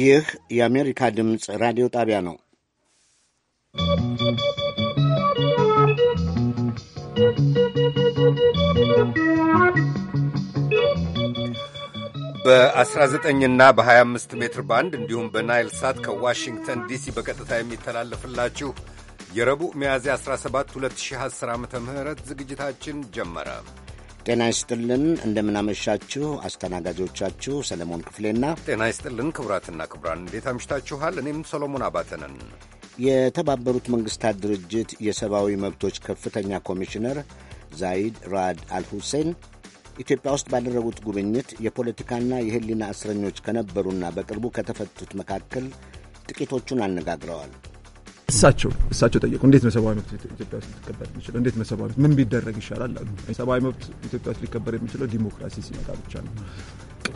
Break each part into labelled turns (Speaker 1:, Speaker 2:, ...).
Speaker 1: ይህ የአሜሪካ ድምፅ ራዲዮ ጣቢያ ነው።
Speaker 2: በ19 እና በ25 ሜትር ባንድ እንዲሁም በናይል ሳት ከዋሽንግተን ዲሲ በቀጥታ የሚተላለፍላችሁ የረቡዕ ሚያዝያ 17 2010 ዓ ም ዝግጅታችን ጀመረ።
Speaker 1: ጤና ይስጥልን እንደምናመሻችሁ። አስተናጋጆቻችሁ ሰለሞን ክፍሌና
Speaker 2: ጤና ይስጥልን ክቡራትና ክቡራን፣ እንዴት አምሽታችኋል? እኔም ሰሎሞን አባተ ነን።
Speaker 1: የተባበሩት መንግሥታት ድርጅት የሰብአዊ መብቶች ከፍተኛ ኮሚሽነር ዛይድ ራድ አልሁሴን ኢትዮጵያ ውስጥ ባደረጉት ጉብኝት የፖለቲካና የሕሊና እስረኞች ከነበሩና በቅርቡ ከተፈቱት መካከል ጥቂቶቹን አነጋግረዋል።
Speaker 3: እሳቸው እሳቸው ጠየቁ። እንዴት ነው ሰብአዊ መብት ኢትዮጵያ ውስጥ ሊከበር የሚችለው? እንዴት ነው ሰብአዊ መብት ምን ቢደረግ ይሻላል አሉ። ሰብአዊ መብት ኢትዮጵያ ውስጥ ሊከበር የሚችለው ዲሞክራሲ ሲመጣ ብቻ ነው።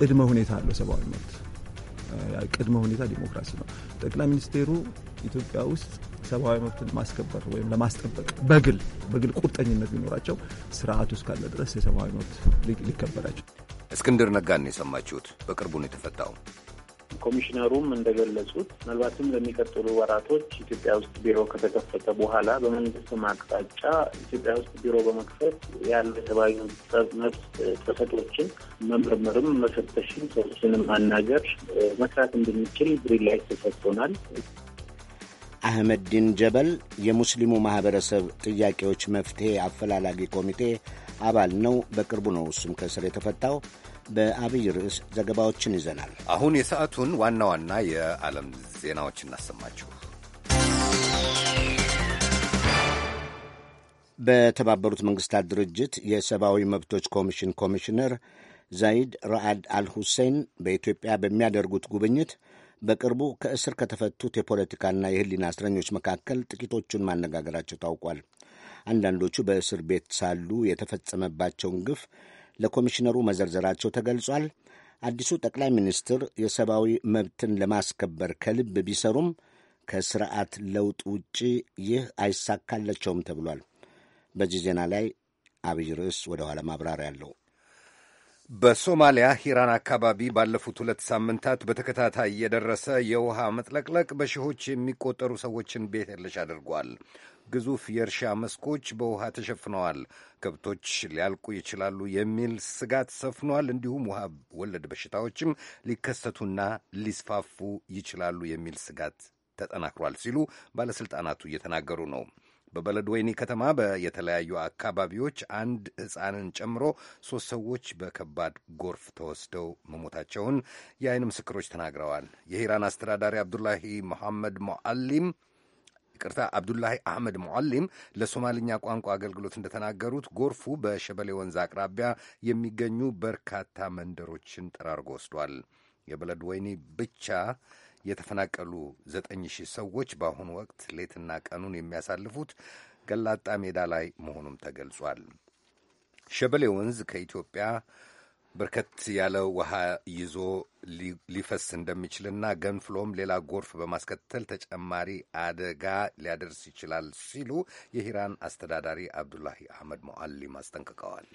Speaker 3: ቅድመ ሁኔታ አለው ሰብአዊ መብት ቅድመ ሁኔታ ዲሞክራሲ ነው። ጠቅላይ ሚኒስቴሩ ኢትዮጵያ ውስጥ ሰብአዊ መብትን ማስከበር ወይም ለማስጠበቅ በግል በግል ቁርጠኝነት ቢኖራቸው ውስጥ ካለ ድረስ የሰብአዊ መብት ሊከበራቸው።
Speaker 2: እስክንድር ነጋን የሰማችሁት በቅርቡን የተፈታው።
Speaker 4: ኮሚሽነሩም እንደገለጹት ምናልባትም ለሚቀጥሉ ወራቶች ኢትዮጵያ ውስጥ ቢሮ ከተከፈተ በኋላ በመንግስትም አቅጣጫ ኢትዮጵያ ውስጥ ቢሮ በመክፈት ያለ የሰብአዊ መብት ጥሰቶችን መመርመርም፣ መፈተሽም፣ ሰዎችንም ማናገር መስራት እንድንችል ብሪ ላይ ተሰጥቶናል።
Speaker 1: አህመድዲን ጀበል የሙስሊሙ ማህበረሰብ ጥያቄዎች መፍትሄ አፈላላጊ ኮሚቴ አባል ነው። በቅርቡ ነው እሱም ከእስር የተፈታው። በአብይ ርዕስ ዘገባዎችን ይዘናል።
Speaker 2: አሁን የሰዓቱን ዋና ዋና የዓለም ዜናዎች እናሰማችሁ።
Speaker 1: በተባበሩት መንግስታት ድርጅት የሰብአዊ መብቶች ኮሚሽን ኮሚሽነር ዛይድ ራአድ አልሁሴን በኢትዮጵያ በሚያደርጉት ጉብኝት በቅርቡ ከእስር ከተፈቱት የፖለቲካና የሕሊና እስረኞች መካከል ጥቂቶቹን ማነጋገራቸው ታውቋል። አንዳንዶቹ በእስር ቤት ሳሉ የተፈጸመባቸውን ግፍ ለኮሚሽነሩ መዘርዘራቸው ተገልጿል። አዲሱ ጠቅላይ ሚኒስትር የሰብአዊ መብትን ለማስከበር ከልብ ቢሰሩም ከስርዓት ለውጥ ውጪ ይህ አይሳካላቸውም ተብሏል። በዚህ ዜና ላይ አብይ ርዕስ ወደ ኋላ ማብራሪያ አለው። በሶማሊያ ሂራን አካባቢ
Speaker 2: ባለፉት ሁለት ሳምንታት በተከታታይ የደረሰ የውሃ መጥለቅለቅ በሺዎች የሚቆጠሩ ሰዎችን ቤት የለሽ አድርጓል። ግዙፍ የእርሻ መስኮች በውሃ ተሸፍነዋል። ከብቶች ሊያልቁ ይችላሉ የሚል ስጋት ሰፍኗል። እንዲሁም ውሃ ወለድ በሽታዎችም ሊከሰቱና ሊስፋፉ ይችላሉ የሚል ስጋት ተጠናክሯል ሲሉ ባለሥልጣናቱ እየተናገሩ ነው። በበለድ ወይኒ ከተማ በየተለያዩ አካባቢዎች አንድ ሕፃንን ጨምሮ ሦስት ሰዎች በከባድ ጎርፍ ተወስደው መሞታቸውን የአይን ምስክሮች ተናግረዋል። የሂራን አስተዳዳሪ አብዱላሂ መሐመድ ሞአሊም ይቅርታ አብዱላሂ አህመድ ሙዓሊም ለሶማልኛ ቋንቋ አገልግሎት እንደተናገሩት ጎርፉ በሸበሌ ወንዝ አቅራቢያ የሚገኙ በርካታ መንደሮችን ጠራርጎ ወስዷል። የበለድ ወይኒ ብቻ የተፈናቀሉ ዘጠኝ ሺህ ሰዎች በአሁኑ ወቅት ሌትና ቀኑን የሚያሳልፉት ገላጣ ሜዳ ላይ መሆኑም ተገልጿል። ሸበሌ ወንዝ ከኢትዮጵያ በርከት ያለ ውሃ ይዞ ሊፈስ እንደሚችልና ገንፍሎም ሌላ ጎርፍ በማስከተል ተጨማሪ አደጋ ሊያደርስ ይችላል ሲሉ የሂራን አስተዳዳሪ አብዱላሂ አህመድ ሞዓሊም አስጠንቅቀዋል።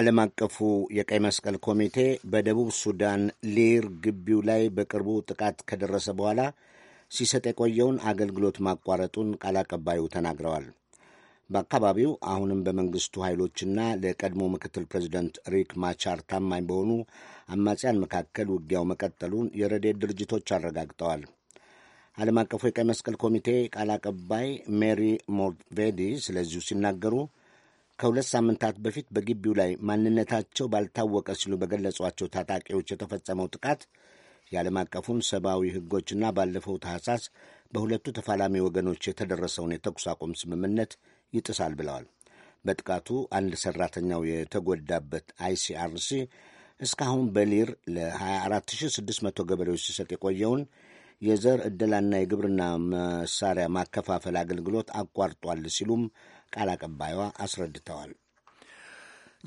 Speaker 1: ዓለም አቀፉ የቀይ መስቀል ኮሚቴ በደቡብ ሱዳን ሊር ግቢው ላይ በቅርቡ ጥቃት ከደረሰ በኋላ ሲሰጥ የቆየውን አገልግሎት ማቋረጡን ቃል አቀባዩ ተናግረዋል። በአካባቢው አሁንም በመንግስቱ ኃይሎችና ለቀድሞ ምክትል ፕሬዚደንት ሪክ ማቻር ታማኝ በሆኑ አማጽያን መካከል ውጊያው መቀጠሉን የረዴት ድርጅቶች አረጋግጠዋል። ዓለም አቀፉ የቀይ መስቀል ኮሚቴ ቃል አቀባይ ሜሪ ሞርቬዲ ስለዚሁ ሲናገሩ ከሁለት ሳምንታት በፊት በግቢው ላይ ማንነታቸው ባልታወቀ ሲሉ በገለጿቸው ታጣቂዎች የተፈጸመው ጥቃት የዓለም አቀፉን ሰብአዊ ሕጎችና ባለፈው ታህሳስ በሁለቱ ተፋላሚ ወገኖች የተደረሰውን የተኩስ አቁም ስምምነት ይጥሳል ብለዋል። በጥቃቱ አንድ ሰራተኛው የተጎዳበት አይሲአርሲ እስካሁን በሊር ለ24600 ገበሬዎች ሲሰጥ የቆየውን የዘር ዕደላና የግብርና መሳሪያ ማከፋፈል አገልግሎት አቋርጧል ሲሉም ቃል አቀባይዋ አስረድተዋል።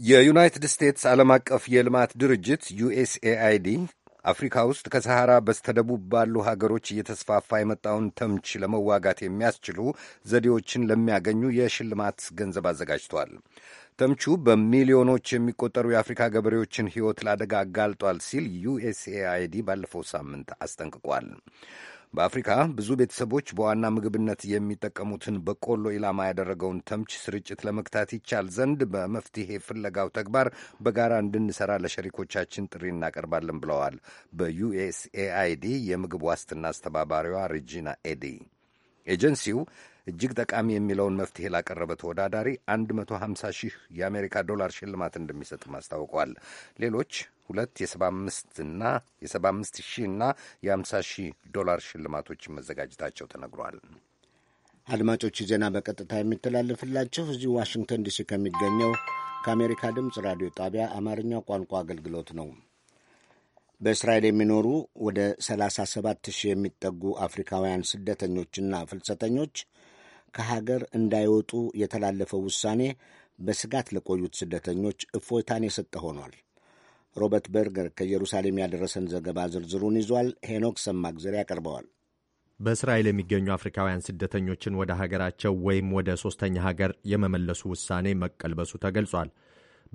Speaker 1: የዩናይትድ ስቴትስ ዓለም አቀፍ የልማት ድርጅት ዩኤስኤአይዲ
Speaker 2: አፍሪካ ውስጥ ከሰሐራ በስተደቡብ ባሉ ሀገሮች እየተስፋፋ የመጣውን ተምች ለመዋጋት የሚያስችሉ ዘዴዎችን ለሚያገኙ የሽልማት ገንዘብ አዘጋጅቷል። ተምቹ በሚሊዮኖች የሚቆጠሩ የአፍሪካ ገበሬዎችን ሕይወት ለአደጋ አጋልጧል ሲል ዩኤስኤአይዲ ባለፈው ሳምንት አስጠንቅቋል። በአፍሪካ ብዙ ቤተሰቦች በዋና ምግብነት የሚጠቀሙትን በቆሎ ኢላማ ያደረገውን ተምች ስርጭት ለመግታት ይቻል ዘንድ በመፍትሄ ፍለጋው ተግባር በጋራ እንድንሰራ ለሸሪኮቻችን ጥሪ እናቀርባለን ብለዋል በዩኤስኤአይዲ የምግብ ዋስትና አስተባባሪዋ ሪጂና ኤዲ ኤጀንሲው እጅግ ጠቃሚ የሚለውን መፍትሄ ላቀረበ ተወዳዳሪ 150 ሺህ የአሜሪካ ዶላር ሽልማት እንደሚሰጥም አስታውቋል። ሌሎች ሁለት የ75 የ75 ሺህ እና የ50 ሺህ ዶላር ሽልማቶች መዘጋጀታቸው ተነግሯል።
Speaker 1: አድማጮች ዜና በቀጥታ የሚተላለፍላቸው እዚህ ዋሽንግተን ዲሲ ከሚገኘው ከአሜሪካ ድምፅ ራዲዮ ጣቢያ አማርኛ ቋንቋ አገልግሎት ነው። በእስራኤል የሚኖሩ ወደ 37 ሺህ የሚጠጉ አፍሪካውያን ስደተኞችና ፍልሰተኞች ከሀገር እንዳይወጡ የተላለፈው ውሳኔ በስጋት ለቆዩት ስደተኞች እፎይታን የሰጠ ሆኗል። ሮበርት በርገር ከኢየሩሳሌም ያደረሰን ዘገባ ዝርዝሩን ይዟል። ሄኖክ ሰማግዘር ያቀርበዋል።
Speaker 5: በእስራኤል የሚገኙ አፍሪካውያን ስደተኞችን ወደ ሀገራቸው ወይም ወደ ሦስተኛ ሀገር የመመለሱ ውሳኔ መቀልበሱ ተገልጿል።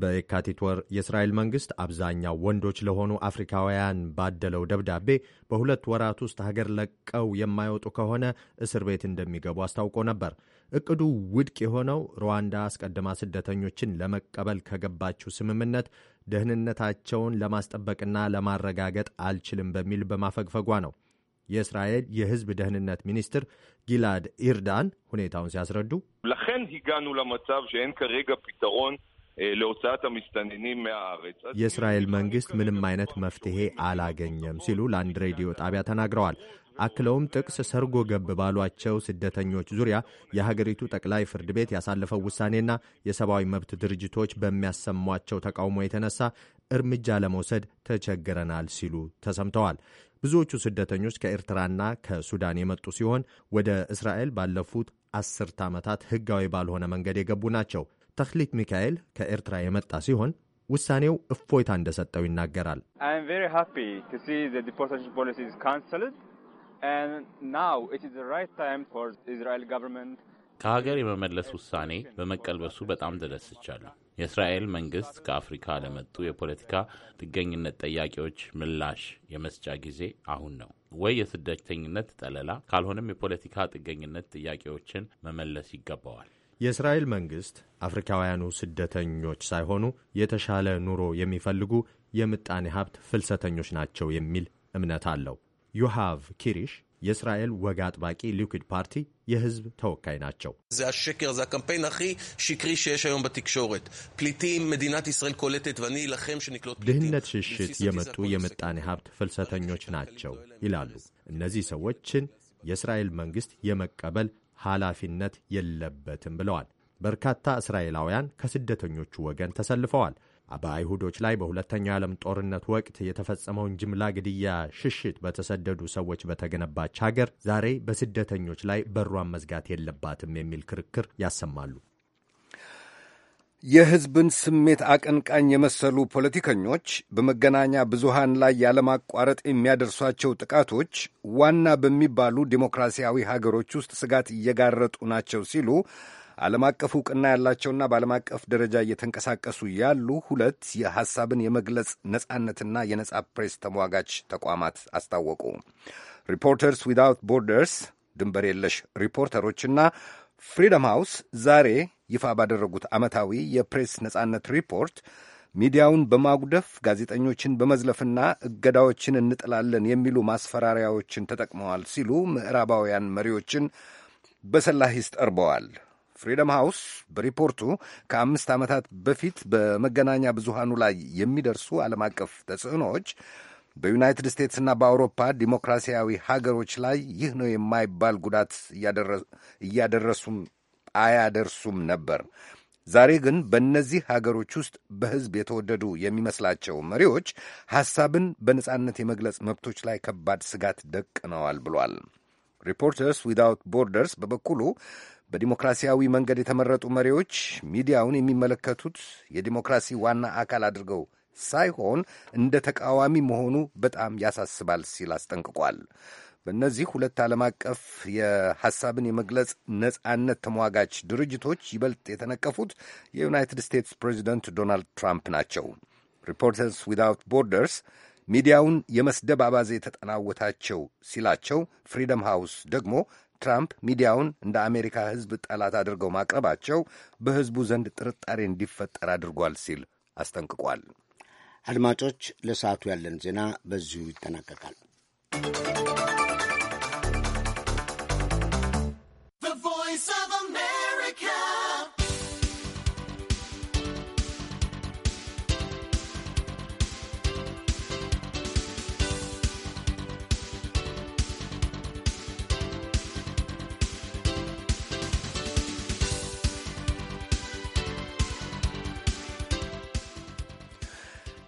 Speaker 5: በየካቲት ወር የእስራኤል መንግሥት አብዛኛው ወንዶች ለሆኑ አፍሪካውያን ባደለው ደብዳቤ በሁለት ወራት ውስጥ ሀገር ለቀው የማይወጡ ከሆነ እስር ቤት እንደሚገቡ አስታውቆ ነበር። እቅዱ ውድቅ የሆነው ሩዋንዳ አስቀድማ ስደተኞችን ለመቀበል ከገባችው ስምምነት ደህንነታቸውን ለማስጠበቅና ለማረጋገጥ አልችልም በሚል በማፈግፈጓ ነው። የእስራኤል የሕዝብ ደህንነት ሚኒስትር ጊላድ ኢርዳን ሁኔታውን ሲያስረዱ
Speaker 6: ለኸን ሂጋኑ ለመጻብ ሸን ከሬጋ ፒተሮን ለውጣት המסתננים מהארץ.
Speaker 5: የእስራኤል መንግስት ምንም አይነት መፍትሄ አላገኘም ሲሉ ለአንድ ሬዲዮ ጣቢያ ተናግረዋል። አክለውም ጥቅስ ሰርጎ ገብ ባሏቸው ስደተኞች ዙሪያ የሀገሪቱ ጠቅላይ ፍርድ ቤት ያሳለፈው ውሳኔና የሰብአዊ መብት ድርጅቶች በሚያሰሟቸው ተቃውሞ የተነሳ እርምጃ ለመውሰድ ተቸግረናል ሲሉ ተሰምተዋል። ብዙዎቹ ስደተኞች ከኤርትራና ከሱዳን የመጡ ሲሆን ወደ እስራኤል ባለፉት አስርት ዓመታት ህጋዊ ባልሆነ መንገድ የገቡ ናቸው። ተክሊት ሚካኤል ከኤርትራ የመጣ ሲሆን ውሳኔው እፎይታ እንደሰጠው ይናገራል።
Speaker 7: ከሀገር የመመለስ ውሳኔ በመቀልበሱ በጣም ተደስቻለሁ። የእስራኤል መንግስት ከአፍሪካ ለመጡ የፖለቲካ ጥገኝነት ጠያቂዎች ምላሽ የመስጫ ጊዜ አሁን ነው። ወይ የስደተኝነት ጠለላ ካልሆነም የፖለቲካ ጥገኝነት ጥያቄዎችን መመለስ ይገባዋል።
Speaker 5: የእስራኤል መንግሥት አፍሪካውያኑ ስደተኞች ሳይሆኑ የተሻለ ኑሮ የሚፈልጉ የምጣኔ ሀብት ፍልሰተኞች ናቸው የሚል እምነት አለው። ዮሃቭ ኪሪሽ የእስራኤል ወግ አጥባቂ ሊኩድ ፓርቲ የህዝብ ተወካይ ናቸው። ድህነት ሽሽት የመጡ የምጣኔ ሀብት ፍልሰተኞች ናቸው ይላሉ። እነዚህ ሰዎችን የእስራኤል መንግሥት የመቀበል ኃላፊነት የለበትም ብለዋል። በርካታ እስራኤላውያን ከስደተኞቹ ወገን ተሰልፈዋል። በአይሁዶች ላይ በሁለተኛው የዓለም ጦርነት ወቅት የተፈጸመውን ጅምላ ግድያ ሽሽት በተሰደዱ ሰዎች በተገነባች ሀገር ዛሬ በስደተኞች
Speaker 2: ላይ በሯን መዝጋት የለባትም የሚል ክርክር ያሰማሉ። የሕዝብን ስሜት አቀንቃኝ የመሰሉ ፖለቲከኞች በመገናኛ ብዙሃን ላይ ያለማቋረጥ የሚያደርሷቸው ጥቃቶች ዋና በሚባሉ ዴሞክራሲያዊ ሀገሮች ውስጥ ስጋት እየጋረጡ ናቸው ሲሉ ዓለም አቀፍ ዕውቅና ያላቸውና በዓለም አቀፍ ደረጃ እየተንቀሳቀሱ ያሉ ሁለት የሐሳብን የመግለጽ ነጻነትና የነጻ ፕሬስ ተሟጋች ተቋማት አስታወቁ። ሪፖርተርስ ዊዛውት ቦርደርስ ድንበር የለሽ ሪፖርተሮችና ፍሪደም ሃውስ ዛሬ ይፋ ባደረጉት ዓመታዊ የፕሬስ ነጻነት ሪፖርት ሚዲያውን በማጉደፍ ጋዜጠኞችን በመዝለፍና እገዳዎችን እንጥላለን የሚሉ ማስፈራሪያዎችን ተጠቅመዋል ሲሉ ምዕራባውያን መሪዎችን በሰላ ሂስ ጠርበዋል። ፍሪደም ሃውስ በሪፖርቱ ከአምስት ዓመታት በፊት በመገናኛ ብዙሃኑ ላይ የሚደርሱ ዓለም አቀፍ ተጽዕኖዎች በዩናይትድ ስቴትስና በአውሮፓ ዲሞክራሲያዊ ሀገሮች ላይ ይህ ነው የማይባል ጉዳት እያደረሱም አያደርሱም ነበር። ዛሬ ግን በእነዚህ ሀገሮች ውስጥ በሕዝብ የተወደዱ የሚመስላቸው መሪዎች ሐሳብን በነጻነት የመግለጽ መብቶች ላይ ከባድ ስጋት ደቅነዋል ብሏል። ሪፖርተርስ ዊዛውት ቦርደርስ በበኩሉ በዲሞክራሲያዊ መንገድ የተመረጡ መሪዎች ሚዲያውን የሚመለከቱት የዲሞክራሲ ዋና አካል አድርገው ሳይሆን እንደ ተቃዋሚ መሆኑ በጣም ያሳስባል ሲል አስጠንቅቋል። በእነዚህ ሁለት ዓለም አቀፍ የሐሳብን የመግለጽ ነጻነት ተሟጋች ድርጅቶች ይበልጥ የተነቀፉት የዩናይትድ ስቴትስ ፕሬዚደንት ዶናልድ ትራምፕ ናቸው። ሪፖርተርስ ዊዛውት ቦርደርስ ሚዲያውን የመስደብ አባዜ የተጠናወታቸው ሲላቸው፣ ፍሪደም ሃውስ ደግሞ ትራምፕ ሚዲያውን እንደ አሜሪካ ሕዝብ ጠላት አድርገው ማቅረባቸው በሕዝቡ ዘንድ ጥርጣሬ
Speaker 1: እንዲፈጠር አድርጓል ሲል አስጠንቅቋል። አድማጮች፣ ለሰዓቱ ያለን ዜና በዚሁ ይጠናቀቃል።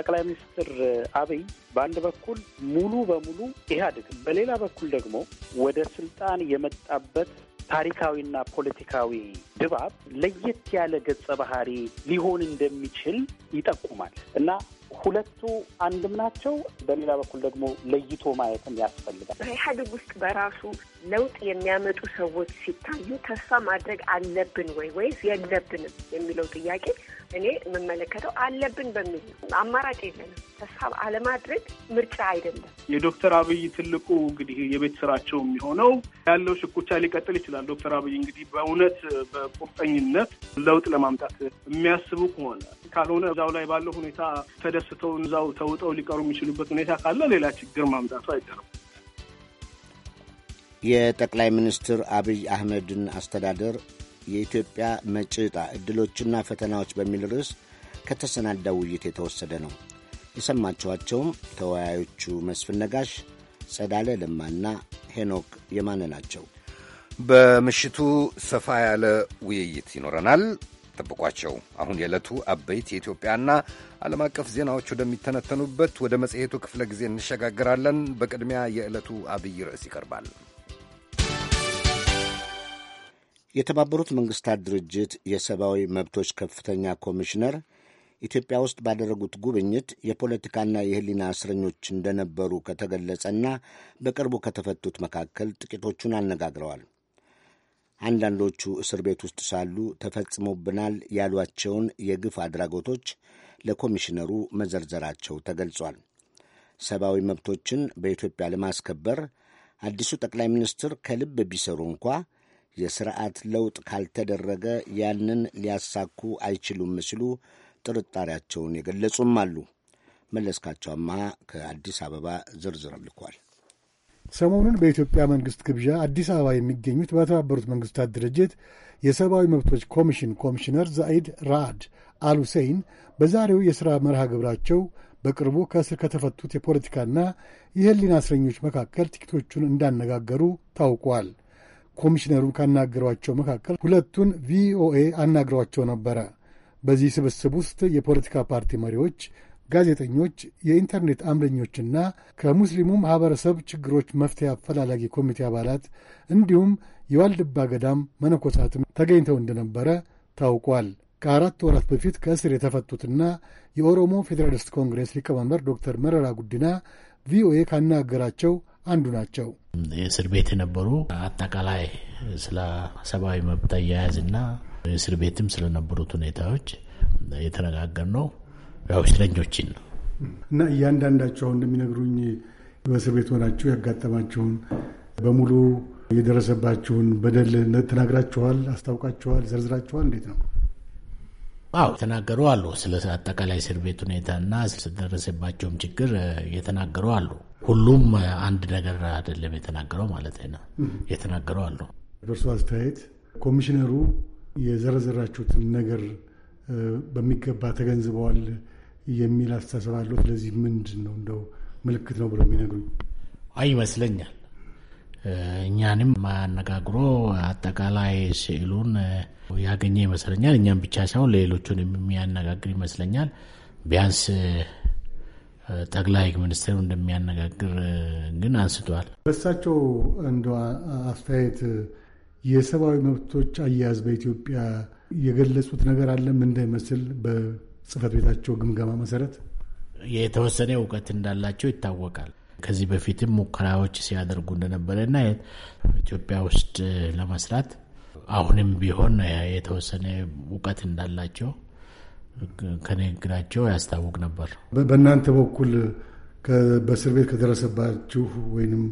Speaker 8: ጠቅላይ ሚኒስትር አብይ በአንድ በኩል ሙሉ በሙሉ ኢህአዴግ፣ በሌላ በኩል ደግሞ ወደ ስልጣን የመጣበት ታሪካዊና ፖለቲካዊ ድባብ ለየት ያለ ገጸ ባህሪ ሊሆን እንደሚችል ይጠቁማል እና ሁለቱ አንድም ናቸው። በሌላ በኩል ደግሞ ለይቶ ማየትም ያስፈልጋል።
Speaker 9: በኢህአዴግ ውስጥ በራሱ ለውጥ የሚያመጡ ሰዎች ሲታዩ ተስፋ ማድረግ አለብን ወይ ወይስ የለብንም የሚለው ጥያቄ እኔ የምመለከተው አለብን በሚል አማራጭ የለንም። ተስፋ አለማድረግ ምርጫ አይደለም።
Speaker 6: የዶክተር አብይ ትልቁ እንግዲህ የቤት ስራቸው የሚሆነው ያለው ሽኩቻ ሊቀጥል ይችላል። ዶክተር አብይ እንግዲህ በእውነት በቁርጠኝነት ለውጥ ለማምጣት የሚያስቡ ከሆነ ካልሆነ እዛው ላይ ባለው ሁኔታ ተደስተው እዛው ተውጠው ሊቀሩ የሚችሉበት ሁኔታ ካለ ሌላ ችግር ማምጣቱ አይቀርም።
Speaker 1: የጠቅላይ ሚኒስትር አብይ አህመድን አስተዳደር የኢትዮጵያ መጪ ዕጣ ዕድሎችና ፈተናዎች በሚል ርዕስ ከተሰናዳው ውይይት የተወሰደ ነው። የሰማችኋቸውም ተወያዮቹ መስፍን ነጋሽ፣ ጸዳለ ለማና ሄኖክ የማነ ናቸው። በምሽቱ ሰፋ ያለ ውይይት ይኖረናል።
Speaker 2: ጠብቋቸው። አሁን የዕለቱ አበይት የኢትዮጵያና ዓለም አቀፍ ዜናዎች ወደሚተነተኑበት ወደ መጽሔቱ ክፍለ ጊዜ እንሸጋግራለን። በቅድሚያ የዕለቱ አብይ ርዕስ ይቀርባል።
Speaker 1: የተባበሩት መንግስታት ድርጅት የሰብአዊ መብቶች ከፍተኛ ኮሚሽነር ኢትዮጵያ ውስጥ ባደረጉት ጉብኝት የፖለቲካና የህሊና እስረኞች እንደነበሩ ከተገለጸና በቅርቡ ከተፈቱት መካከል ጥቂቶቹን አነጋግረዋል። አንዳንዶቹ እስር ቤት ውስጥ ሳሉ ተፈጽሞብናል ያሏቸውን የግፍ አድራጎቶች ለኮሚሽነሩ መዘርዘራቸው ተገልጿል። ሰብአዊ መብቶችን በኢትዮጵያ ለማስከበር አዲሱ ጠቅላይ ሚኒስትር ከልብ ቢሰሩ እንኳ የስርዓት ለውጥ ካልተደረገ ያንን ሊያሳኩ አይችሉም ሲሉ ጥርጣሬያቸውን የገለጹም አሉ። መለስካቸው አመሃ ከአዲስ አበባ ዝርዝር ልኳል።
Speaker 10: ሰሞኑን በኢትዮጵያ መንግሥት ግብዣ አዲስ አበባ የሚገኙት በተባበሩት መንግሥታት ድርጅት የሰብአዊ መብቶች ኮሚሽን ኮሚሽነር ዛኢድ ራአድ አልሁሴይን በዛሬው የሥራ መርሃ ግብራቸው በቅርቡ ከእስር ከተፈቱት የፖለቲካና የሕሊና እስረኞች መካከል ጥቂቶቹን እንዳነጋገሩ ታውቋል። ኮሚሽነሩ ካናገሯቸው መካከል ሁለቱን ቪኦኤ አናግሯቸው ነበረ። በዚህ ስብስብ ውስጥ የፖለቲካ ፓርቲ መሪዎች፣ ጋዜጠኞች፣ የኢንተርኔት አምደኞችና ከሙስሊሙ ማኅበረሰብ ችግሮች መፍትሄ አፈላላጊ ኮሚቴ አባላት እንዲሁም የዋልድባ ገዳም መነኮሳትም ተገኝተው እንደነበረ ታውቋል። ከአራት ወራት በፊት ከእስር የተፈቱትና የኦሮሞ ፌዴራሊስት ኮንግሬስ ሊቀመንበር ዶክተር መረራ ጉዲና ቪኦኤ ካናገራቸው አንዱ ናቸው።
Speaker 7: የእስር ቤት የነበሩ አጠቃላይ ስለ ሰብአዊ መብት አያያዝና እስር ቤትም ስለነበሩት ሁኔታዎች የተነጋገር ነው። ያው እስረኞችን ነው
Speaker 10: እና እያንዳንዳቸው አሁን እንደሚነግሩኝ በእስር ቤት ሆናችሁ ያጋጠማችሁን በሙሉ የደረሰባችሁን በደል ተናግራችኋል፣ አስታውቃችኋል፣ ዘርዝራችኋል። እንዴት ነው?
Speaker 7: አዎ የተናገሩ አሉ። ስለ አጠቃላይ እስር ቤት ሁኔታና ስለደረሰባቸውም ችግር የተናገሩ አሉ። ሁሉም አንድ ነገር አይደለም የተናገረው ማለት ነው። የተናገረው አለ
Speaker 10: በእርሱ አስተያየት ኮሚሽነሩ የዘረዘራችሁትን ነገር በሚገባ ተገንዝበዋል የሚል አስተሳሰብ አለው። ስለዚህ ምንድን ነው እንደው ምልክት ነው ብሎ የሚነግሩኝ
Speaker 7: አይመስለኛል? እኛንም አነጋግሮ አጠቃላይ ስዕሉን ያገኘ ይመስለኛል። እኛም ብቻ ሳይሆን ሌሎቹን የሚያነጋግር ይመስለኛል ቢያንስ ጠቅላይ ሚኒስትሩ እንደሚያነጋግር ግን አንስቷል።
Speaker 10: በእሳቸው እንደ አስተያየት የሰብአዊ መብቶች አያያዝ በኢትዮጵያ የገለጹት ነገር አለም እንዳይመስል በጽህፈት ቤታቸው ግምገማ መሰረት
Speaker 7: የተወሰነ እውቀት እንዳላቸው ይታወቃል። ከዚህ በፊትም ሙከራዎች ሲያደርጉ እንደነበረ እና ኢትዮጵያ ውስጥ ለመስራት አሁንም ቢሆን የተወሰነ እውቀት እንዳላቸው ከንግግራቸው ያስታውቅ ነበር።
Speaker 10: በእናንተ በኩል በእስር ቤት ከደረሰባችሁ ወይንም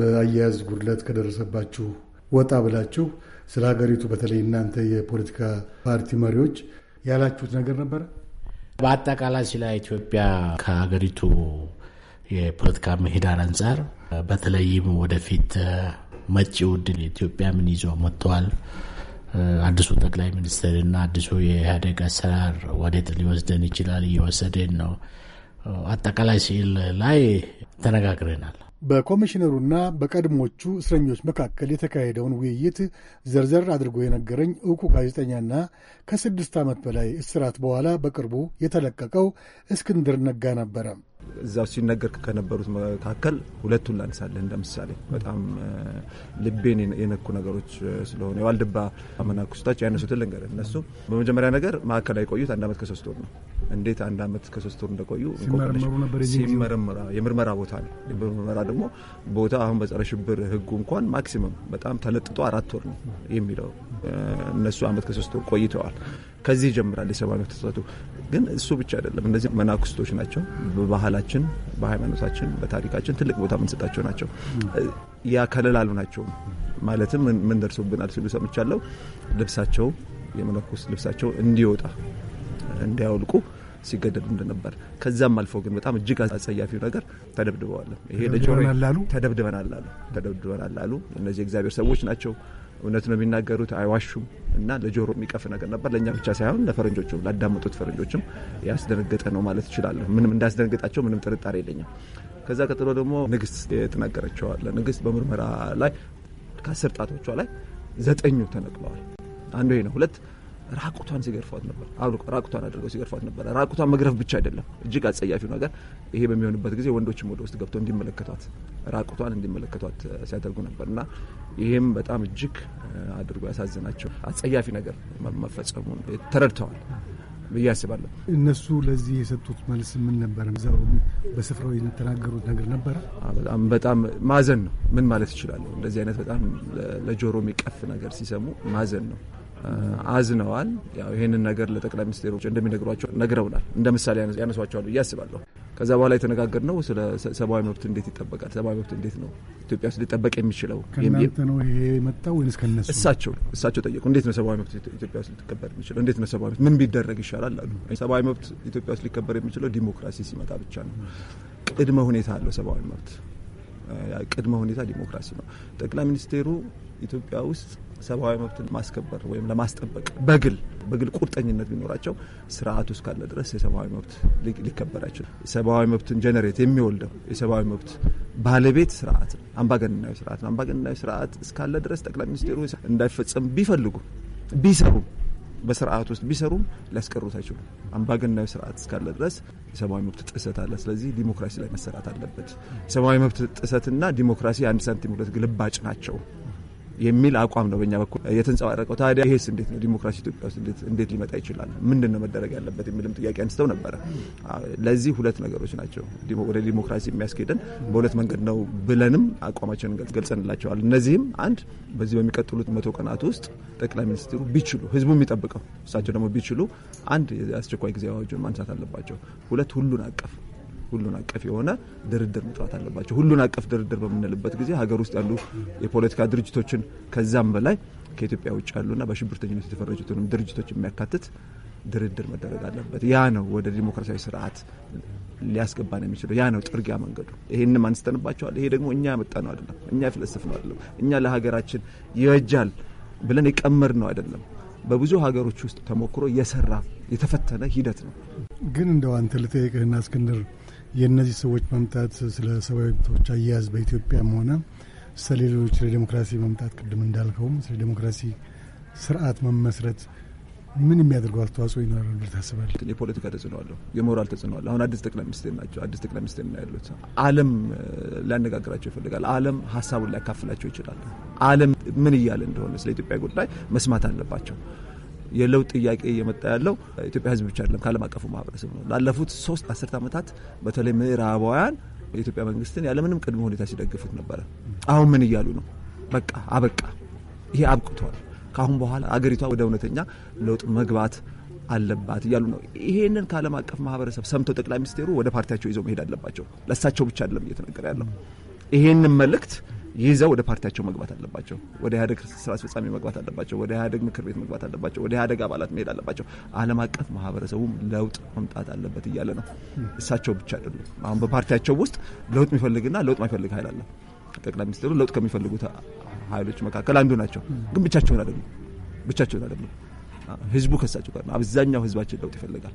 Speaker 10: በአያያዝ ጉድለት ከደረሰባችሁ ወጣ ብላችሁ ስለ ሀገሪቱ በተለይ እናንተ የፖለቲካ ፓርቲ መሪዎች ያላችሁት ነገር ነበረ?
Speaker 7: በአጠቃላይ ስለ ኢትዮጵያ ከሀገሪቱ የፖለቲካ ምህዳር አንጻር በተለይም ወደፊት መጪው ዕድል ኢትዮጵያ ምን ይዞ መጥተዋል አዲሱ ጠቅላይ ሚኒስትርና አዲሱ የኢህአዴግ አሰራር ወዴት ሊወስደን ይችላል፣ እየወሰደን ነው። አጠቃላይ ስዕል ላይ ተነጋግረናል።
Speaker 10: በኮሚሽነሩና በቀድሞቹ እስረኞች መካከል የተካሄደውን ውይይት ዘርዘር አድርጎ የነገረኝ እውቁ ጋዜጠኛና ከስድስት ዓመት በላይ እስራት በኋላ በቅርቡ የተለቀቀው እስክንድር ነጋ ነበረም።
Speaker 3: እዛ ሲነገር ከነበሩት መካከል ሁለቱን ላነሳለህ እንደምሳሌ በጣም ልቤን የነኩ ነገሮች ስለሆነ የዋልድባ መናኩስታች ያነሱትን ልንገር። እነሱ በመጀመሪያ ነገር ማዕከላዊ ቆዩት አንድ አመት ከሶስት ወር ነው። እንዴት አንድ አመት ከሶስት ወር እንደቆዩ ሲመረመራ የምርመራ ቦታ ነው። የምርመራ ደግሞ ቦታ አሁን በጸረ ሽብር ህጉ እንኳን ማክሲመም በጣም ተለጥጦ አራት ወር ነው የሚለው እነሱ አመት ከሶስት ወር ቆይተዋል። ከዚህ ይጀምራል መብት ጥሰቱ። ግን እሱ ብቻ አይደለም። እነዚህ መናክስቶች ናቸው። በባህላችን፣ በሃይማኖታችን፣ በታሪካችን ትልቅ ቦታ የምንሰጣቸው ናቸው። ያ ከለላሉ ናቸው ማለትም ምን ደርሶብናል ሲሉ ሰምቻለሁ። ልብሳቸው የመነኩስ ልብሳቸው እንዲወጣ እንዲያወልቁ ሲገደሉ እንደነበር ከዛም አልፎ ግን በጣም እጅግ አጸያፊው ነገር ተደብድበዋል። ይሄ ለጆሮ ተደብድበናል አሉ ተደብድበናል አሉ። እነዚህ እግዚአብሔር ሰዎች ናቸው፣ እውነት ነው የሚናገሩት፣ አይዋሹም እና ለጆሮ የሚቀፍ ነገር ነበር። ለእኛ ብቻ ሳይሆን ለፈረንጆችም ላዳመጡት ፈረንጆችም ያስደነገጠ ነው ማለት እችላለሁ። ምንም እንዳስደነገጣቸው ምንም ጥርጣሬ የለኝም። ከዛ ቀጥሎ ደግሞ ንግስት የተናገረችዋለ ንግስት በምርመራ ላይ ከአስር ጣቶቿ ላይ ዘጠኙ ተነቅለዋል። አንዱ ይሄ ነው። ሁለት ራቁቷን ሲገርፏት ነበር። ራቁቷን አድርገው ሲገርፏት ነበር። ራቁቷን መግረፍ ብቻ አይደለም፣ እጅግ አጸያፊው ነገር ይሄ በሚሆንበት ጊዜ ወንዶችም ወደ ውስጥ ገብተው እንዲመለከቷት፣ ራቁቷን እንዲመለከቷት ሲያደርጉ ነበር እና ይህም በጣም እጅግ አድርጎ ያሳዝናቸው አጸያፊ ነገር መፈጸሙን ተረድተዋል ብዬ አስባለሁ።
Speaker 10: እነሱ ለዚህ የሰጡት መልስ ምን ነበረ? እዛው በስፍራው የተናገሩት ነገር ነበረ።
Speaker 3: በጣም በጣም ማዘን ነው። ምን ማለት ይችላለሁ? እንደዚህ አይነት በጣም ለጆሮ የሚቀፍ ነገር ሲሰሙ ማዘን ነው። አዝነዋል። ያው ይህንን ነገር ለጠቅላይ ሚኒስትሩ እንደሚነግሯቸው ነግረውናል። እንደ ምሳሌ ያነሷቸዋል ብዬ አስባለሁ። ከዛ በኋላ የተነጋገር ነው ስለ ሰብአዊ መብት እንዴት ይጠበቃል፣ ሰብአዊ መብት እንዴት ነው ኢትዮጵያ ውስጥ ሊጠበቅ የሚችለው ከእናንተ ነው ይሄ የመጣው ወይስ ከነሱ? እሳቸው እሳቸው ጠየቁ። እንዴት ነው ሰብአዊ መብት ኢትዮጵያ ውስጥ ሊከበር የሚችለው? እንዴት ነው ሰብአዊ መብት ምን ቢደረግ ይሻላል አሉ። ሰብአዊ መብት ኢትዮጵያ ውስጥ ሊከበር የሚችለው ዲሞክራሲ ሲመጣ ብቻ ነው። ቅድመ ሁኔታ አለው ሰብአዊ መብት ቅድመ ሁኔታ ዲሞክራሲ ነው። ጠቅላይ ሚኒስቴሩ ኢትዮጵያ ውስጥ ሰብአዊ መብትን ማስከበር ወይም ለማስጠበቅ በግል በግል ቁርጠኝነት ቢኖራቸው ስርዓቱ እስካለ ድረስ የሰብአዊ መብት ሊከበር አይችልም። መብትን ጀነሬት የሚወልደው የሰብአዊ መብት ባለቤት ስርዓት ነው፣ አምባገነናዊ ስርዓት ነው። አምባገነናዊ ስርዓት እስካለ ድረስ ጠቅላይ ሚኒስትሩ እንዳይፈጸም ቢፈልጉ ቢሰሩ በስርዓት ውስጥ ቢሰሩም ሊያስቀሩት አይችሉም። አምባገናዊ ስርዓት እስካለ ድረስ የሰብአዊ መብት ጥሰት አለ። ስለዚህ ዲሞክራሲ ላይ መሰራት አለበት። የሰብአዊ መብት ጥሰትና ዲሞክራሲ አንድ ሳንቲም ሁለት ግልባጭ ናቸው። የሚል አቋም ነው በእኛ በኩል የተንጸባረቀው። ታዲያ ይሄስ እንዴት ነው ዲሞክራሲ ኢትዮጵያ ውስጥ እንዴት ሊመጣ ይችላል? ምንድን ነው መደረግ ያለበት የሚልም ጥያቄ አንስተው ነበረ። ለዚህ ሁለት ነገሮች ናቸው ወደ ዲሞክራሲ የሚያስኬደን በሁለት መንገድ ነው ብለንም አቋማቸውን ገልጸንላቸዋል። እነዚህም አንድ በዚህ በሚቀጥሉት መቶ ቀናት ውስጥ ጠቅላይ ሚኒስትሩ ቢችሉ ህዝቡ የሚጠብቀው እሳቸው ደግሞ ቢችሉ አንድ የአስቸኳይ ጊዜ አዋጁን ማንሳት አለባቸው። ሁለት ሁሉን አቀፍ ሁሉን አቀፍ የሆነ ድርድር መጥራት አለባቸው። ሁሉን አቀፍ ድርድር በምንልበት ጊዜ ሀገር ውስጥ ያሉ የፖለቲካ ድርጅቶችን ከዛም በላይ ከኢትዮጵያ ውጭ ያሉና በሽብርተኝነት የተፈረጁትንም ድርጅቶች የሚያካትት ድርድር መደረግ አለበት። ያ ነው ወደ ዲሞክራሲያዊ ስርዓት ሊያስገባን የሚችለው ያ ነው ጥርጊያ መንገዱ። ይሄንም አንስተንባቸዋል። ይሄ ደግሞ እኛ ያመጣ ነው አይደለም፣ እኛ ፍለስፍ ነው አይደለም፣ እኛ ለሀገራችን ይበጃል ብለን የቀመር ነው አይደለም። በብዙ ሀገሮች ውስጥ ተሞክሮ የሰራ የተፈተነ ሂደት ነው።
Speaker 10: ግን እንደው አንተ ልጠይቅህና እስክንድር የእነዚህ ሰዎች መምጣት ስለ ሰብአዊ መብቶች አያያዝ በኢትዮጵያም ሆነ ስለሌሎች ስለ ዴሞክራሲ መምጣት ቅድም እንዳልከውም ስለ ዴሞክራሲ ስርዓት መመስረት ምን የሚያደርገው አስተዋጽኦ ይኖራል ታስባል?
Speaker 3: የፖለቲካ ተጽዕኖ አለው፣ የሞራል ተጽዕኖ አለው። አሁን አዲስ ጠቅላይ ሚኒስትር ናቸው። አዲስ ጠቅላይ ሚኒስትር ነው ያሉት። ዓለም ሊያነጋግራቸው ይፈልጋል። ዓለም ሀሳቡን ሊያካፍላቸው ይችላል። ዓለም ምን እያለ እንደሆነ ስለ ኢትዮጵያ ጉዳይ መስማት አለባቸው። የለውጥ ጥያቄ እየመጣ ያለው ኢትዮጵያ ህዝብ ብቻ አይደለም ከዓለም አቀፉ ማህበረሰብ ነው። ላለፉት ሶስት አስርት ዓመታት በተለይ ምዕራባውያን የኢትዮጵያ መንግስትን ያለምንም ቅድመ ሁኔታ ሲደግፉት ነበረ። አሁን ምን እያሉ ነው? በቃ አበቃ፣ ይሄ አብቅቷል፣ ከአሁን በኋላ አገሪቷ ወደ እውነተኛ ለውጥ መግባት አለባት እያሉ ነው። ይሄንን ከዓለም አቀፍ ማህበረሰብ ሰምተው ጠቅላይ ሚኒስቴሩ ወደ ፓርቲያቸው ይዘው መሄድ አለባቸው። ለእሳቸው ብቻ አይደለም እየተነገረ ያለው ይሄንን መልእክት ይዘው ወደ ፓርቲያቸው መግባት አለባቸው። ወደ ኢህአዴግ ስራ አስፈጻሚ መግባት አለባቸው። ወደ ኢህአዴግ ምክር ቤት መግባት አለባቸው። ወደ ኢህአዴግ አባላት መሄድ አለባቸው። ዓለም አቀፍ ማህበረሰቡም ለውጥ መምጣት አለበት እያለ ነው። እሳቸው ብቻ አይደሉም። አሁን በፓርቲያቸው ውስጥ ለውጥ የሚፈልግና ለውጥ ማይፈልግ ኃይል አለ። ጠቅላይ ሚኒስትሩ ለውጥ ከሚፈልጉት ኃይሎች መካከል አንዱ ናቸው። ግን ብቻቸውን አይደሉም። ብቻቸውን አይደሉም። ህዝቡ ከሳቸው ጋር አብዛኛው ህዝባችን ለውጥ ይፈልጋል።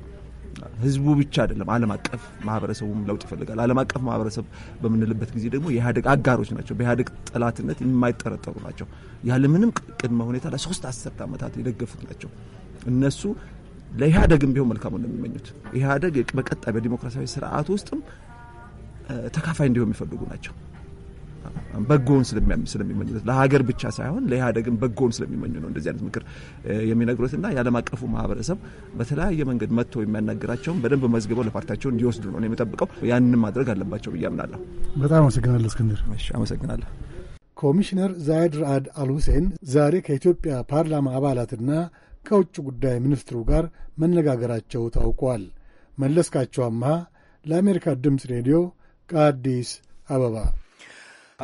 Speaker 3: ህዝቡ ብቻ አይደለም፣ ዓለም አቀፍ ማህበረሰቡም ለውጥ ይፈልጋል። ዓለም አቀፍ ማህበረሰብ በምንልበት ጊዜ ደግሞ የኢህአዴግ አጋሮች ናቸው። በኢህአዴግ ጠላትነት የማይጠረጠሩ ናቸው። ያለምንም ቅድመ ሁኔታ ለሶስት አስርት ዓመታት የደገፉት ናቸው። እነሱ ለኢህአዴግም ቢሆን መልካሙ እንደሚመኙት የሚመኙት። ኢህአዴግ በቀጣይ በዲሞክራሲያዊ ስርዓት ውስጥም ተካፋይ እንዲሆን የሚፈልጉ ናቸው። በጎውን ስለሚመኙለት ለሀገር ብቻ ሳይሆን ለኢህአዴግን በጎውን ስለሚመኙ ነው እንደዚህ አይነት ምክር የሚነግሩትና የዓለም አቀፉ ማህበረሰብ በተለያየ መንገድ መጥቶ የሚያናገራቸውን በደንብ መዝግበው ለፓርቲያቸውን እንዲወስዱ ነው የሚጠብቀው። ያንን ማድረግ አለባቸው ብዬ አምናለሁ። በጣም አመሰግናለሁ እስክንድር። አመሰግናለሁ።
Speaker 10: ኮሚሽነር ዛይድ ራአድ አልሁሴን ዛሬ ከኢትዮጵያ ፓርላማ አባላትና ከውጭ ጉዳይ ሚኒስትሩ ጋር መነጋገራቸው ታውቋል። መለስካቸው አምሃ ለአሜሪካ ድምፅ ሬዲዮ ከአዲስ አበባ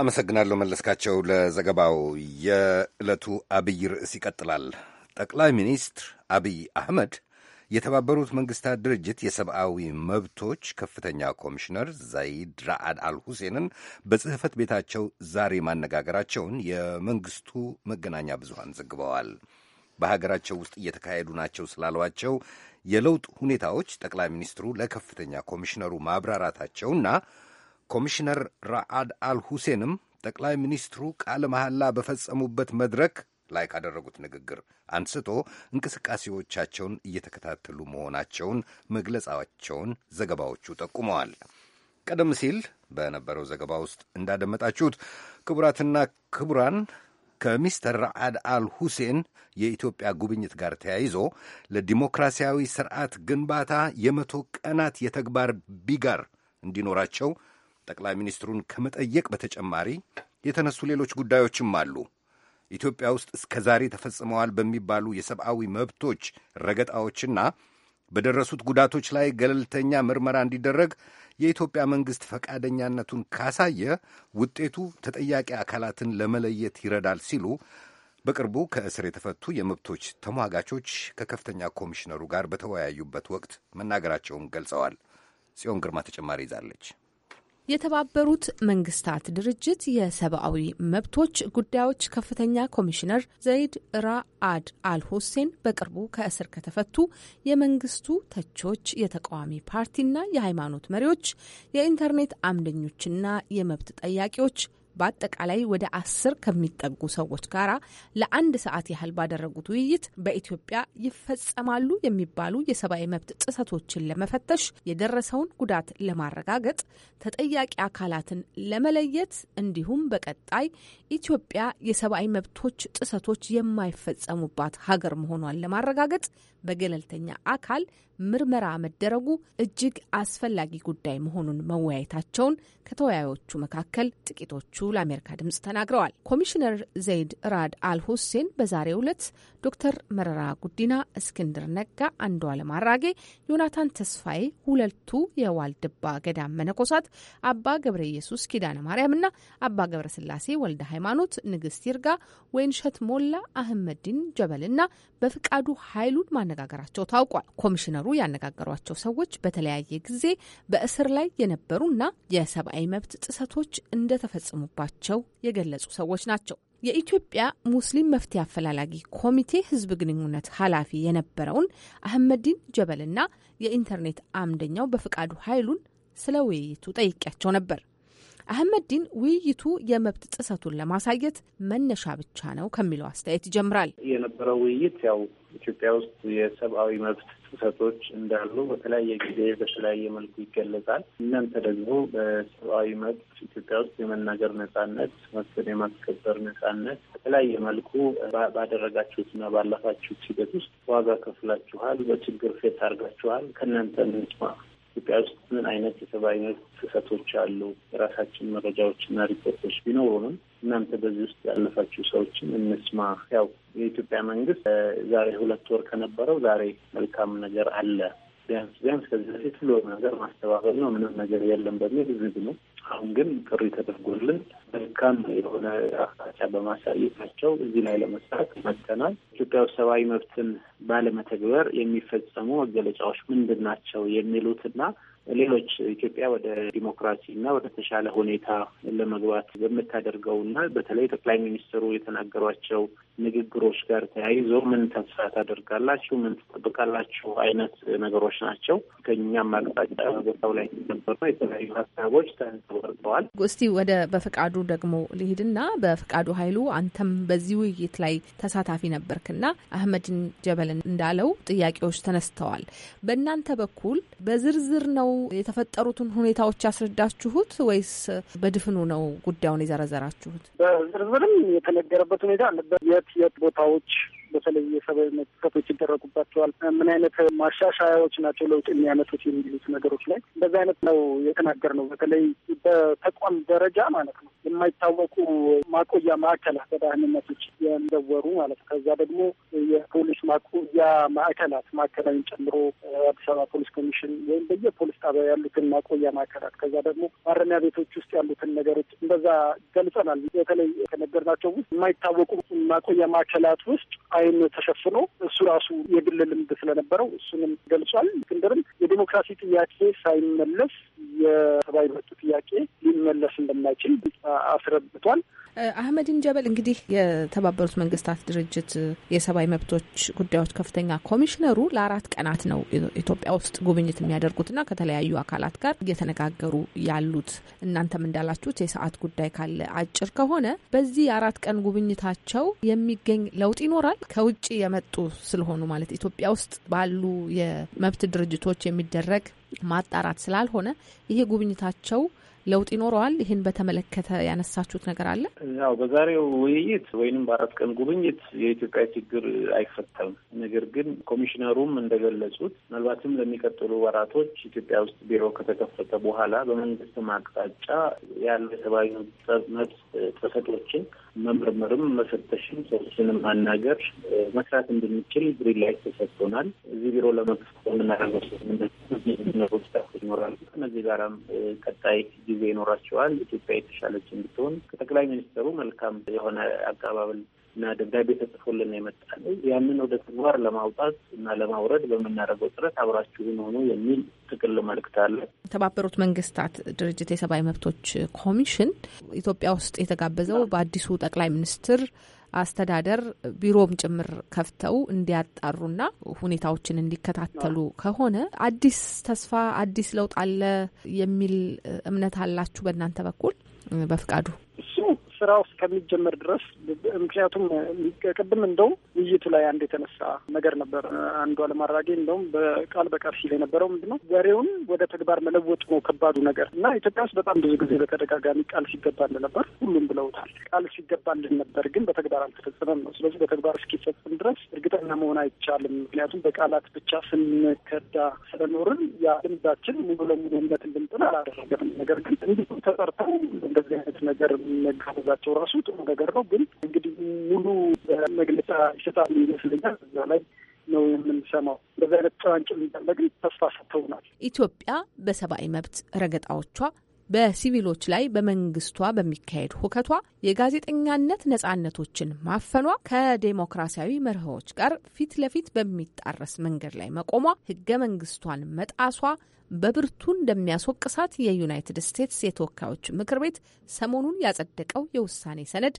Speaker 2: አመሰግናለሁ መለስካቸው ለዘገባው። የዕለቱ አብይ ርዕስ ይቀጥላል። ጠቅላይ ሚኒስትር አብይ አህመድ የተባበሩት መንግስታት ድርጅት የሰብአዊ መብቶች ከፍተኛ ኮሚሽነር ዘይድ ራአድ አልሁሴንን በጽህፈት ቤታቸው ዛሬ ማነጋገራቸውን የመንግስቱ መገናኛ ብዙሃን ዘግበዋል። በሀገራቸው ውስጥ እየተካሄዱ ናቸው ስላሏቸው የለውጥ ሁኔታዎች ጠቅላይ ሚኒስትሩ ለከፍተኛ ኮሚሽነሩ ማብራራታቸውና ኮሚሽነር ራአድ አል ሁሴንም ጠቅላይ ሚኒስትሩ ቃለ መሐላ በፈጸሙበት መድረክ ላይ ካደረጉት ንግግር አንስቶ እንቅስቃሴዎቻቸውን እየተከታተሉ መሆናቸውን መግለጻቸውን ዘገባዎቹ ጠቁመዋል። ቀደም ሲል በነበረው ዘገባ ውስጥ እንዳደመጣችሁት ክቡራትና ክቡራን ከሚስተር ራዓድ አል ሁሴን የኢትዮጵያ ጉብኝት ጋር ተያይዞ ለዲሞክራሲያዊ ስርዓት ግንባታ የመቶ ቀናት የተግባር ቢጋር እንዲኖራቸው ጠቅላይ ሚኒስትሩን ከመጠየቅ በተጨማሪ የተነሱ ሌሎች ጉዳዮችም አሉ። ኢትዮጵያ ውስጥ እስከ ዛሬ ተፈጽመዋል በሚባሉ የሰብአዊ መብቶች ረገጣዎችና በደረሱት ጉዳቶች ላይ ገለልተኛ ምርመራ እንዲደረግ የኢትዮጵያ መንግሥት ፈቃደኛነቱን ካሳየ ውጤቱ ተጠያቂ አካላትን ለመለየት ይረዳል ሲሉ በቅርቡ ከእስር የተፈቱ የመብቶች ተሟጋቾች ከከፍተኛ ኮሚሽነሩ ጋር በተወያዩበት ወቅት መናገራቸውን ገልጸዋል። ጽዮን ግርማ ተጨማሪ ይዛለች።
Speaker 11: የተባበሩት መንግስታት ድርጅት የሰብአዊ መብቶች ጉዳዮች ከፍተኛ ኮሚሽነር ዘይድ ራአድ አልሁሴን በቅርቡ ከእስር ከተፈቱ የመንግስቱ ተቾች፣ የተቃዋሚ ፓርቲና የሃይማኖት መሪዎች፣ የኢንተርኔት አምደኞችና የመብት ጠያቂዎች በአጠቃላይ ወደ አስር ከሚጠጉ ሰዎች ጋር ለአንድ ሰዓት ያህል ባደረጉት ውይይት በኢትዮጵያ ይፈጸማሉ የሚባሉ የሰብአዊ መብት ጥሰቶችን ለመፈተሽ፣ የደረሰውን ጉዳት ለማረጋገጥ፣ ተጠያቂ አካላትን ለመለየት እንዲሁም በቀጣይ ኢትዮጵያ የሰብአዊ መብቶች ጥሰቶች የማይፈጸሙባት ሀገር መሆኗን ለማረጋገጥ በገለልተኛ አካል ምርመራ መደረጉ እጅግ አስፈላጊ ጉዳይ መሆኑን መወያየታቸውን ከተወያዮቹ መካከል ጥቂቶቹ ለአሜሪካ ድምጽ ተናግረዋል። ኮሚሽነር ዘይድ ራድ አል ሁሴን በዛሬው ዕለት ዶክተር መረራ ጉዲና፣ እስክንድር ነጋ፣ አንዱዓለም አራጌ፣ ዮናታን ተስፋዬ፣ ሁለቱ የዋልድባ ገዳም መነኮሳት አባ ገብረ ኢየሱስ ኪዳነ ማርያምና አባ ገብረ ስላሴ ወልደ ሃይማኖት፣ ንግስት ይርጋ፣ ወይንሸት ሞላ፣ አህመዲን ጀበልና በፍቃዱ ኃይሉን ማነጋገራቸው ታውቋል። ኮሚሽነሩ እንዳብራሩ ያነጋገሯቸው ሰዎች በተለያየ ጊዜ በእስር ላይ የነበሩና የሰብአዊ መብት ጥሰቶች እንደተፈጸሙባቸው የገለጹ ሰዎች ናቸው። የኢትዮጵያ ሙስሊም መፍትሄ አፈላላጊ ኮሚቴ ህዝብ ግንኙነት ኃላፊ የነበረውን አህመዲን ጀበልና የኢንተርኔት አምደኛው በፍቃዱ ኃይሉን ስለ ውይይቱ ጠይቄያቸው ነበር። አህመዲን ውይይቱ የመብት ጥሰቱን ለማሳየት መነሻ ብቻ ነው ከሚለው አስተያየት ይጀምራል።
Speaker 4: የነበረው ውይይት ያው ኢትዮጵያ ውስጥ የሰብአዊ መብት ጥሰቶች እንዳሉ በተለያየ ጊዜ በተለያየ መልኩ ይገለጻል። እናንተ ደግሞ በሰብአዊ መብት ኢትዮጵያ ውስጥ የመናገር ነጻነት፣ መብትን የማስከበር ነጻነት በተለያየ መልኩ ባደረጋችሁትና ባለፋችሁት ሂደት ውስጥ ዋጋ ከፍላችኋል፣ በችግር ፌት አድርጋችኋል። ከእናንተ ምንጭማ ኢትዮጵያ ውስጥ ምን አይነት የሰብአዊ መብት ጥሰቶች አሉ? የራሳችን እና ሪፖርቶች ቢኖሩንም እናንተ በዚህ ውስጥ ያለፋችሁ ሰዎችን እንስማ። ያው የኢትዮጵያ መንግስት ዛሬ ሁለት ወር ከነበረው ዛሬ መልካም ነገር አለ። ቢያንስ ቢያንስ ከዚህ በፊት ሁሉ ነገር ማስተባበል ነው፣ ምንም ነገር የለም በሚል ዝግ ነው። አሁን ግን ጥሪ ተደርጎልን መልካም የሆነ አቅጣጫ በማሳየታቸው እዚህ ላይ ለመስራት መጥተናል። ኢትዮጵያ ውስጥ ሰብአዊ መብትን ባለመተግበር የሚፈጸሙ መገለጫዎች ምንድን ናቸው የሚሉትና ሌሎች ኢትዮጵያ ወደ ዲሞክራሲና ወደ ተሻለ ሁኔታ ለመግባት በምታደርገውና በተለይ ጠቅላይ ሚኒስትሩ የተናገሯቸው ንግግሮች ጋር ተያይዞ ምን ተስፋ ታደርጋላችሁ? ምን ትጠብቃላችሁ? አይነት ነገሮች ናቸው። ከኛም አቅጣጫ ቦታው ላይ ነው የተለያዩ ሀሳቦች
Speaker 9: ተንጸባርቀዋል።
Speaker 11: እስቲ ወደ በፈቃዱ ደግሞ ልሂድና በፈቃዱ ኃይሉ አንተም በዚህ ውይይት ላይ ተሳታፊ ነበርክና አህመድን ጀበልን እንዳለው ጥያቄዎች ተነስተዋል። በእናንተ በኩል በዝርዝር ነው የተፈጠሩትን ሁኔታዎች ያስረዳችሁት ወይስ በድፍኑ ነው ጉዳዩን የዘረዘራችሁት?
Speaker 12: በዝርዝርም የተነገረበት ሁኔታ
Speaker 8: የት የት ቦታዎች በተለይ የሰብአዊ መብት ጥሰቶች ይደረጉባቸዋል፣ ምን አይነት ማሻሻያዎች ናቸው ለውጥ የሚያመጡት የሚሉት ነገሮች ላይ በዛ አይነት ነው ነው። በተለይ በተቋም ደረጃ ማለት ነው የማይታወቁ ማቆያ ማዕከላት በደህንነቶች የሚዘወሩ ማለት ነው። ከዛ ደግሞ የፖሊስ ማቆያ ማዕከላት ማዕከላዊን ጨምሮ አዲስ አበባ ፖሊስ ኮሚሽን ወይም በየፖሊስ ጣቢያ ያሉትን ማቆያ ማዕከላት ከዛ ደግሞ ማረሚያ ቤቶች ውስጥ ያሉትን ነገሮች እንደዛ ገልጸናል። በተለይ ከነገርናቸው ውስጥ የማይታወቁ ማቆያ ማዕከላት ውስጥ ጉዳይን ተሸፍኖ እሱ ራሱ የግል ልምድ ስለነበረው እሱንም ገልጿል። እስክንድርም የዲሞክራሲ ጥያቄ ሳይመለስ የሰብአዊ መብት ጥያቄ ሊመለስ እንደማይችል አስረድቷል።
Speaker 11: አህመዲን ጀበል እንግዲህ የተባበሩት መንግስታት ድርጅት የሰብአዊ መብቶች ጉዳዮች ከፍተኛ ኮሚሽነሩ ለአራት ቀናት ነው ኢትዮጵያ ውስጥ ጉብኝት የሚያደርጉትና ከተለያዩ አካላት ጋር እየተነጋገሩ ያሉት። እናንተም እንዳላችሁት የሰዓት ጉዳይ ካለ አጭር ከሆነ በዚህ የአራት ቀን ጉብኝታቸው የሚገኝ ለውጥ ይኖራል? ከውጭ የመጡ ስለሆኑ ማለት ኢትዮጵያ ውስጥ ባሉ የመብት ድርጅቶች የሚደረግ ማጣራት ስላልሆነ ይሄ ጉብኝታቸው ለውጥ ይኖረዋል። ይህን በተመለከተ ያነሳችሁት ነገር አለ?
Speaker 4: ያው በዛሬው ውይይት ወይንም በአራት ቀን ጉብኝት የኢትዮጵያ ችግር አይፈታም። ነገር ግን ኮሚሽነሩም እንደገለጹት ምናልባትም ለሚቀጥሉ ወራቶች ኢትዮጵያ ውስጥ ቢሮ ከተከፈተ በኋላ በመንግስትም አቅጣጫ ያሉ የሰብአዊ መብት ጥሰቶችን መመርመርም መፈተሽም ሰዎችንም ማናገር መስራት እንድንችል ግሪን ላይት ተሰጥቶናል። እዚህ ቢሮ ለመክፈት የምናደርገው ነበሩ ስታፍ ይኖራሉ። ከነዚህ ጋራም ቀጣይ ጊዜ ይኖራቸዋል። ኢትዮጵያ የተሻለች እንድትሆን ከጠቅላይ ሚኒስትሩ መልካም የሆነ አቀባበል እና ደብዳቤ ተጽፎልን የመጣል ያንን ወደ ተግባር ለማውጣት እና ለማውረድ በምናደርገው ጥረት አብራችሁን ሆኑ የሚል ጥቅል መልእክት አለ።
Speaker 11: የተባበሩት መንግስታት ድርጅት የሰብአዊ መብቶች ኮሚሽን ኢትዮጵያ ውስጥ የተጋበዘው በአዲሱ ጠቅላይ ሚኒስትር አስተዳደር ቢሮም ጭምር ከፍተው እንዲያጣሩና ሁኔታዎችን እንዲከታተሉ ከሆነ አዲስ ተስፋ አዲስ ለውጥ አለ የሚል እምነት አላችሁ በእናንተ በኩል በፍቃዱ?
Speaker 8: እሱ ስራ ውስጥ ከሚጀመር ድረስ ምክንያቱም ቅድም እንደውም ውይይቱ ላይ አንድ የተነሳ ነገር ነበር። አንዱ አለማራጌ እንደውም በቃል በቃል ሲል የነበረው ምንድን ነው ወሬውን ወደ ተግባር መለወጥ ነው ከባዱ ነገር እና ኢትዮጵያ ውስጥ በጣም ብዙ ጊዜ በተደጋጋሚ ቃል ሲገባልን ነበር፣ ሁሉም ብለውታል። ቃል ሲገባልን ነበር ግን በተግባር አልተፈጸመም ነው። ስለዚህ በተግባር እስኪፈጸም ድረስ እርግጠኛ መሆን አይቻልም። ምክንያቱም በቃላት ብቻ ስንከዳ ስለኖርን ያ ልምዳችን ሙሉ ለሙሉ እምነት እንድንጥል አላደረገም። ነገር ግን እንዲሁ ተጠርተው እንደዚህ አይነት ነገር መጋቡ መያዛቸው ራሱ ጥሩ ነገር ነው። ግን እንግዲህ ሙሉ መግለጫ ይሰጣል ይመስለኛል። እዛ ላይ ነው የምንሰማው። በዛ አይነት ጭላንጭል እንዳለ ግን ተስፋ
Speaker 11: ሰጥተውናል። ኢትዮጵያ በሰብአዊ መብት ረገጣዎቿ በሲቪሎች ላይ በመንግስቷ በሚካሄድ ሁከቷ የጋዜጠኛነት ነጻነቶችን ማፈኗ ከዴሞክራሲያዊ መርሆዎች ጋር ፊት ለፊት በሚጣረስ መንገድ ላይ መቆሟ ህገ መንግስቷን መጣሷ በብርቱ እንደሚያስወቅሳት የዩናይትድ ስቴትስ የተወካዮች ምክር ቤት ሰሞኑን ያጸደቀው የውሳኔ ሰነድ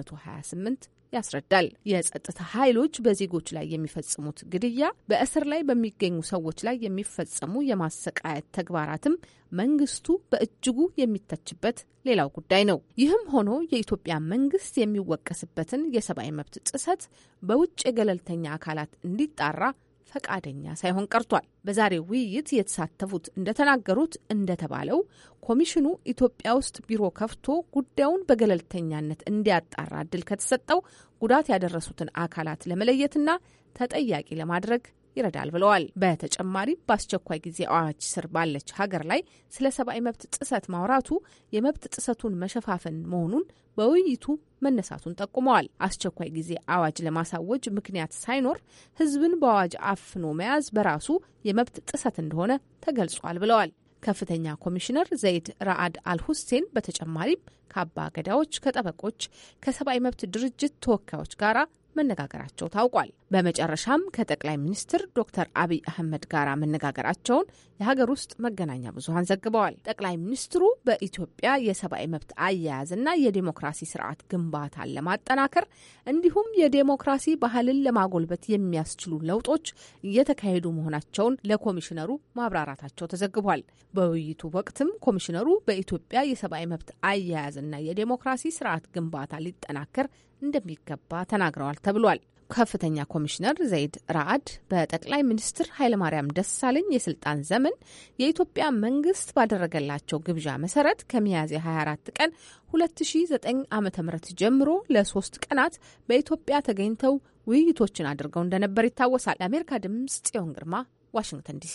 Speaker 11: 128 ያስረዳል። የጸጥታ ኃይሎች በዜጎች ላይ የሚፈጽሙት ግድያ፣ በእስር ላይ በሚገኙ ሰዎች ላይ የሚፈጸሙ የማሰቃየት ተግባራትም መንግስቱ በእጅጉ የሚተችበት ሌላው ጉዳይ ነው። ይህም ሆኖ የኢትዮጵያ መንግስት የሚወቀስበትን የሰብአዊ መብት ጥሰት በውጭ የገለልተኛ አካላት እንዲጣራ ፈቃደኛ ሳይሆን ቀርቷል። በዛሬው ውይይት የተሳተፉት እንደተናገሩት እንደተባለው ኮሚሽኑ ኢትዮጵያ ውስጥ ቢሮ ከፍቶ ጉዳዩን በገለልተኛነት እንዲያጣራ እድል ከተሰጠው ጉዳት ያደረሱትን አካላት ለመለየትና ተጠያቂ ለማድረግ ይረዳል ብለዋል። በተጨማሪም በአስቸኳይ ጊዜ አዋጅ ስር ባለች ሀገር ላይ ስለ ሰብአዊ መብት ጥሰት ማውራቱ የመብት ጥሰቱን መሸፋፈን መሆኑን በውይይቱ መነሳቱን ጠቁመዋል። አስቸኳይ ጊዜ አዋጅ ለማሳወጅ ምክንያት ሳይኖር ሕዝብን በአዋጅ አፍኖ መያዝ በራሱ የመብት ጥሰት እንደሆነ ተገልጿል ብለዋል። ከፍተኛ ኮሚሽነር ዘይድ ራአድ አልሁሴን በተጨማሪም ከአባ ገዳዎች፣ ከጠበቆች፣ ከሰብአዊ መብት ድርጅት ተወካዮች ጋራ መነጋገራቸው ታውቋል። በመጨረሻም ከጠቅላይ ሚኒስትር ዶክተር አብይ አህመድ ጋር መነጋገራቸውን የሀገር ውስጥ መገናኛ ብዙሀን ዘግበዋል። ጠቅላይ ሚኒስትሩ በኢትዮጵያ የሰብአዊ መብት አያያዝና የዴሞክራሲ ስርዓት ግንባታን ለማጠናከር እንዲሁም የዴሞክራሲ ባህልን ለማጎልበት የሚያስችሉ ለውጦች እየተካሄዱ መሆናቸውን ለኮሚሽነሩ ማብራራታቸው ተዘግቧል። በውይይቱ ወቅትም ኮሚሽነሩ በኢትዮጵያ የሰብአዊ መብት አያያዝና የዴሞክራሲ ስርዓት ግንባታ ሊጠናከር እንደሚገባ ተናግረዋል ተብሏል። ከፍተኛ ኮሚሽነር ዘይድ ራአድ በጠቅላይ ሚኒስትር ኃይለማርያም ደሳለኝ የስልጣን ዘመን የኢትዮጵያ መንግስት ባደረገላቸው ግብዣ መሰረት ከሚያዝያ 24 ቀን 2009 ዓ ም ጀምሮ ለሶስት ቀናት በኢትዮጵያ ተገኝተው ውይይቶችን አድርገው እንደነበር ይታወሳል። ለአሜሪካ ድምጽ ጽዮን ግርማ ዋሽንግተን ዲሲ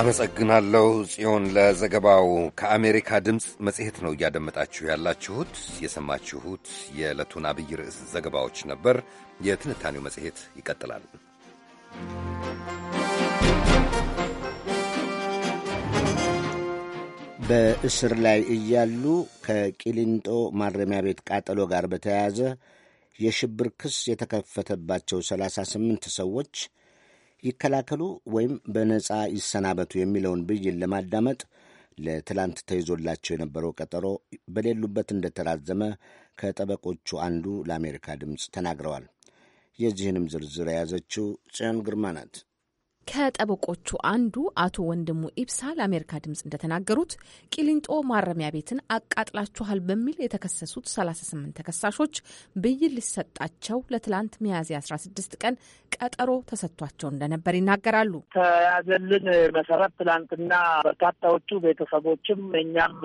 Speaker 2: አመሰግናለሁ ጽዮን ለዘገባው። ከአሜሪካ ድምፅ መጽሔት ነው እያደመጣችሁ ያላችሁት። የሰማችሁት የዕለቱን አብይ ርዕስ ዘገባዎች ነበር። የትንታኔው መጽሔት ይቀጥላል።
Speaker 1: በእስር ላይ እያሉ ከቂሊንጦ ማረሚያ ቤት ቃጠሎ ጋር በተያያዘ የሽብር ክስ የተከፈተባቸው 38 ሰዎች ይከላከሉ ወይም በነጻ ይሰናበቱ የሚለውን ብይን ለማዳመጥ ለትላንት ተይዞላቸው የነበረው ቀጠሮ በሌሉበት እንደተራዘመ ከጠበቆቹ አንዱ ለአሜሪካ ድምፅ ተናግረዋል። የዚህንም ዝርዝር የያዘችው ጽዮን ግርማ ናት።
Speaker 11: ከጠበቆቹ አንዱ አቶ ወንድሙ ኢብሳ ለአሜሪካ ድምፅ እንደተናገሩት ቂሊንጦ ማረሚያ ቤትን አቃጥላችኋል በሚል የተከሰሱት 38 ተከሳሾች ብይን ሊሰጣቸው ለትላንት ሚያዝያ 16 ቀን ቀጠሮ ተሰጥቷቸው እንደነበር ይናገራሉ።
Speaker 12: ተያዘልን መሰረት ትላንትና በርካታዎቹ ቤተሰቦችም እኛም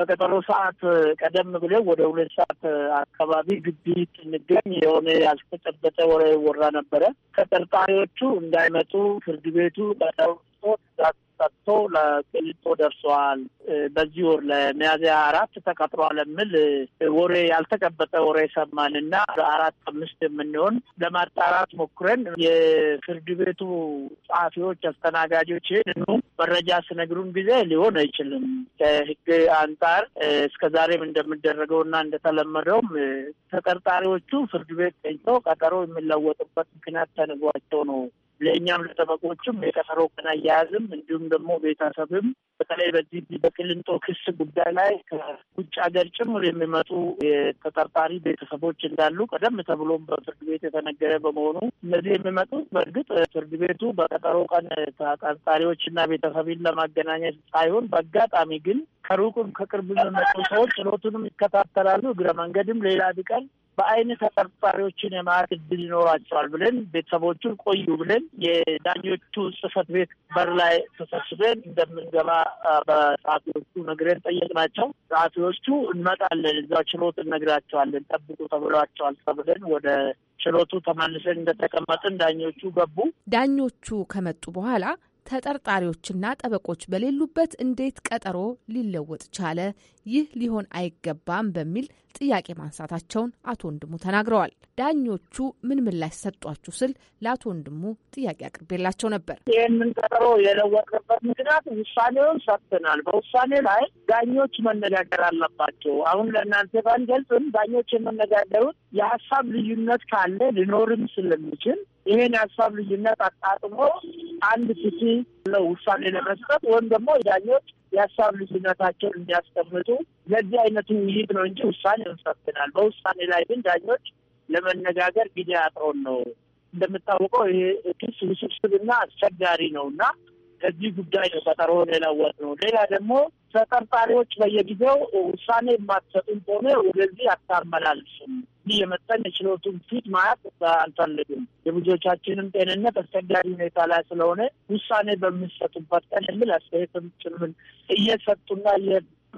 Speaker 12: በቀጠሮ ሰዓት ቀደም ብለው ወደ ሁለት ሰዓት አካባቢ ግቢ ስንገኝ የሆነ ያልተጨበጠ ወሬ ወራ ነበረ። ተጠርጣሪዎቹ እንዳይመጡ ፍርድ ቤቱ በለውጦ ትእዛዝ ሰጥቶ ለቅሊንጦ ደርሰዋል። በዚህ ወር ለሚያዝያ አራት ተቀጥሯል የሚል ወሬ ያልተጨበጠ ወሬ ሰማን እና አራት አምስት የምንሆን ለማጣራት ሞክረን የፍርድ ቤቱ ጸሐፊዎች፣ አስተናጋጆች ይህንኑ መረጃ ስነግሩን ጊዜ ሊሆን አይችልም ከህግ አንጻር እስከ ዛሬም እንደሚደረገው እና እንደተለመደውም ተጠርጣሪዎቹ ፍርድ ቤት ገኝቶ ቀጠሮ የሚለወጡበት ምክንያት ተንጓቸው ነው ለእኛም ለጠበቆችም የቀጠሮ ቀን አያያዝም እንዲሁም ደግሞ ቤተሰብም በተለይ በዚህ በቅልንጦ ክስ ጉዳይ ላይ ከውጭ ሀገር ጭምር የሚመጡ የተጠርጣሪ ቤተሰቦች እንዳሉ ቀደም ተብሎም በፍርድ ቤት የተነገረ በመሆኑ እነዚህ የሚመጡት በእርግጥ ፍርድ ቤቱ በቀጠሮ ቀን ተጠርጣሪዎችና ቤተሰብን ለማገናኘት ሳይሆን በአጋጣሚ ግን ከሩቁም ከቅርብ የሚመጡ ሰዎች ችሎቱንም ይከታተላሉ እግረ መንገድም ሌላ ቢቀር በአይን ተጠርጣሪዎችን የማየት እድል ይኖራቸዋል ብለን ቤተሰቦቹን ቆዩ ብለን የዳኞቹ ጽህፈት ቤት በር ላይ ተሰብስበን እንደምንገባ በጸሐፊዎቹ ነግረን ጠየቅናቸው። ጸሐፊዎቹ እንመጣለን፣ እዛ ችሎት እነግራቸዋለን፣ ጠብቁ ተብሏቸዋል ተብለን ወደ ችሎቱ ተመልሰን እንደተቀመጥን ዳኞቹ ገቡ።
Speaker 11: ዳኞቹ ከመጡ በኋላ ተጠርጣሪዎችና ጠበቆች በሌሉበት እንዴት ቀጠሮ ሊለወጥ ቻለ? ይህ ሊሆን አይገባም በሚል ጥያቄ ማንሳታቸውን አቶ ወንድሙ ተናግረዋል። ዳኞቹ ምን ምላሽ ሰጧችሁ? ስል ለአቶ ወንድሙ ጥያቄ አቅርቤላቸው ነበር። ይህንን ቀጠሮ የለወጥበት ምክንያት ውሳኔውን ሰጥተናል። በውሳኔ ላይ
Speaker 12: ዳኞች መነጋገር አለባቸው። አሁን ለእናንተ ባንገልጽም ዳኞች የመነጋገሩት የሀሳብ ልዩነት ካለ ሊኖርም ስለሚችል ይሄን የሀሳብ ልዩነት አጣጥሞ አንድ ፊት ነው ውሳኔ ለመስጠት ወይም ደግሞ ዳኞች የሀሳብ ልዩነታቸውን እንዲያስቀምጡ ለዚህ አይነቱ ውይይት ነው እንጂ ውሳኔ እንሰብናል። በውሳኔ ላይ ግን ዳኞች ለመነጋገር ጊዜ አጥሮን ነው። እንደምታወቀው ይሄ ክስ ውስብስብና አስቸጋሪ ነው እና ከዚህ ጉዳይ ነው ቀጠሮ ሌላ ነው። ሌላ ደግሞ ተጠርጣሪዎች በየጊዜው ውሳኔ የማትሰጡም ከሆነ ወደዚህ አታመላልሱም። ይህ የመጠን የችሎቱን ፊት ማየት አልፈልግም። የብዙዎቻችንም ጤንነት አስቸጋሪ ሁኔታ ላይ ስለሆነ ውሳኔ በሚሰጡበት ቀን የሚል አስተያየትም ጭምር እየሰጡና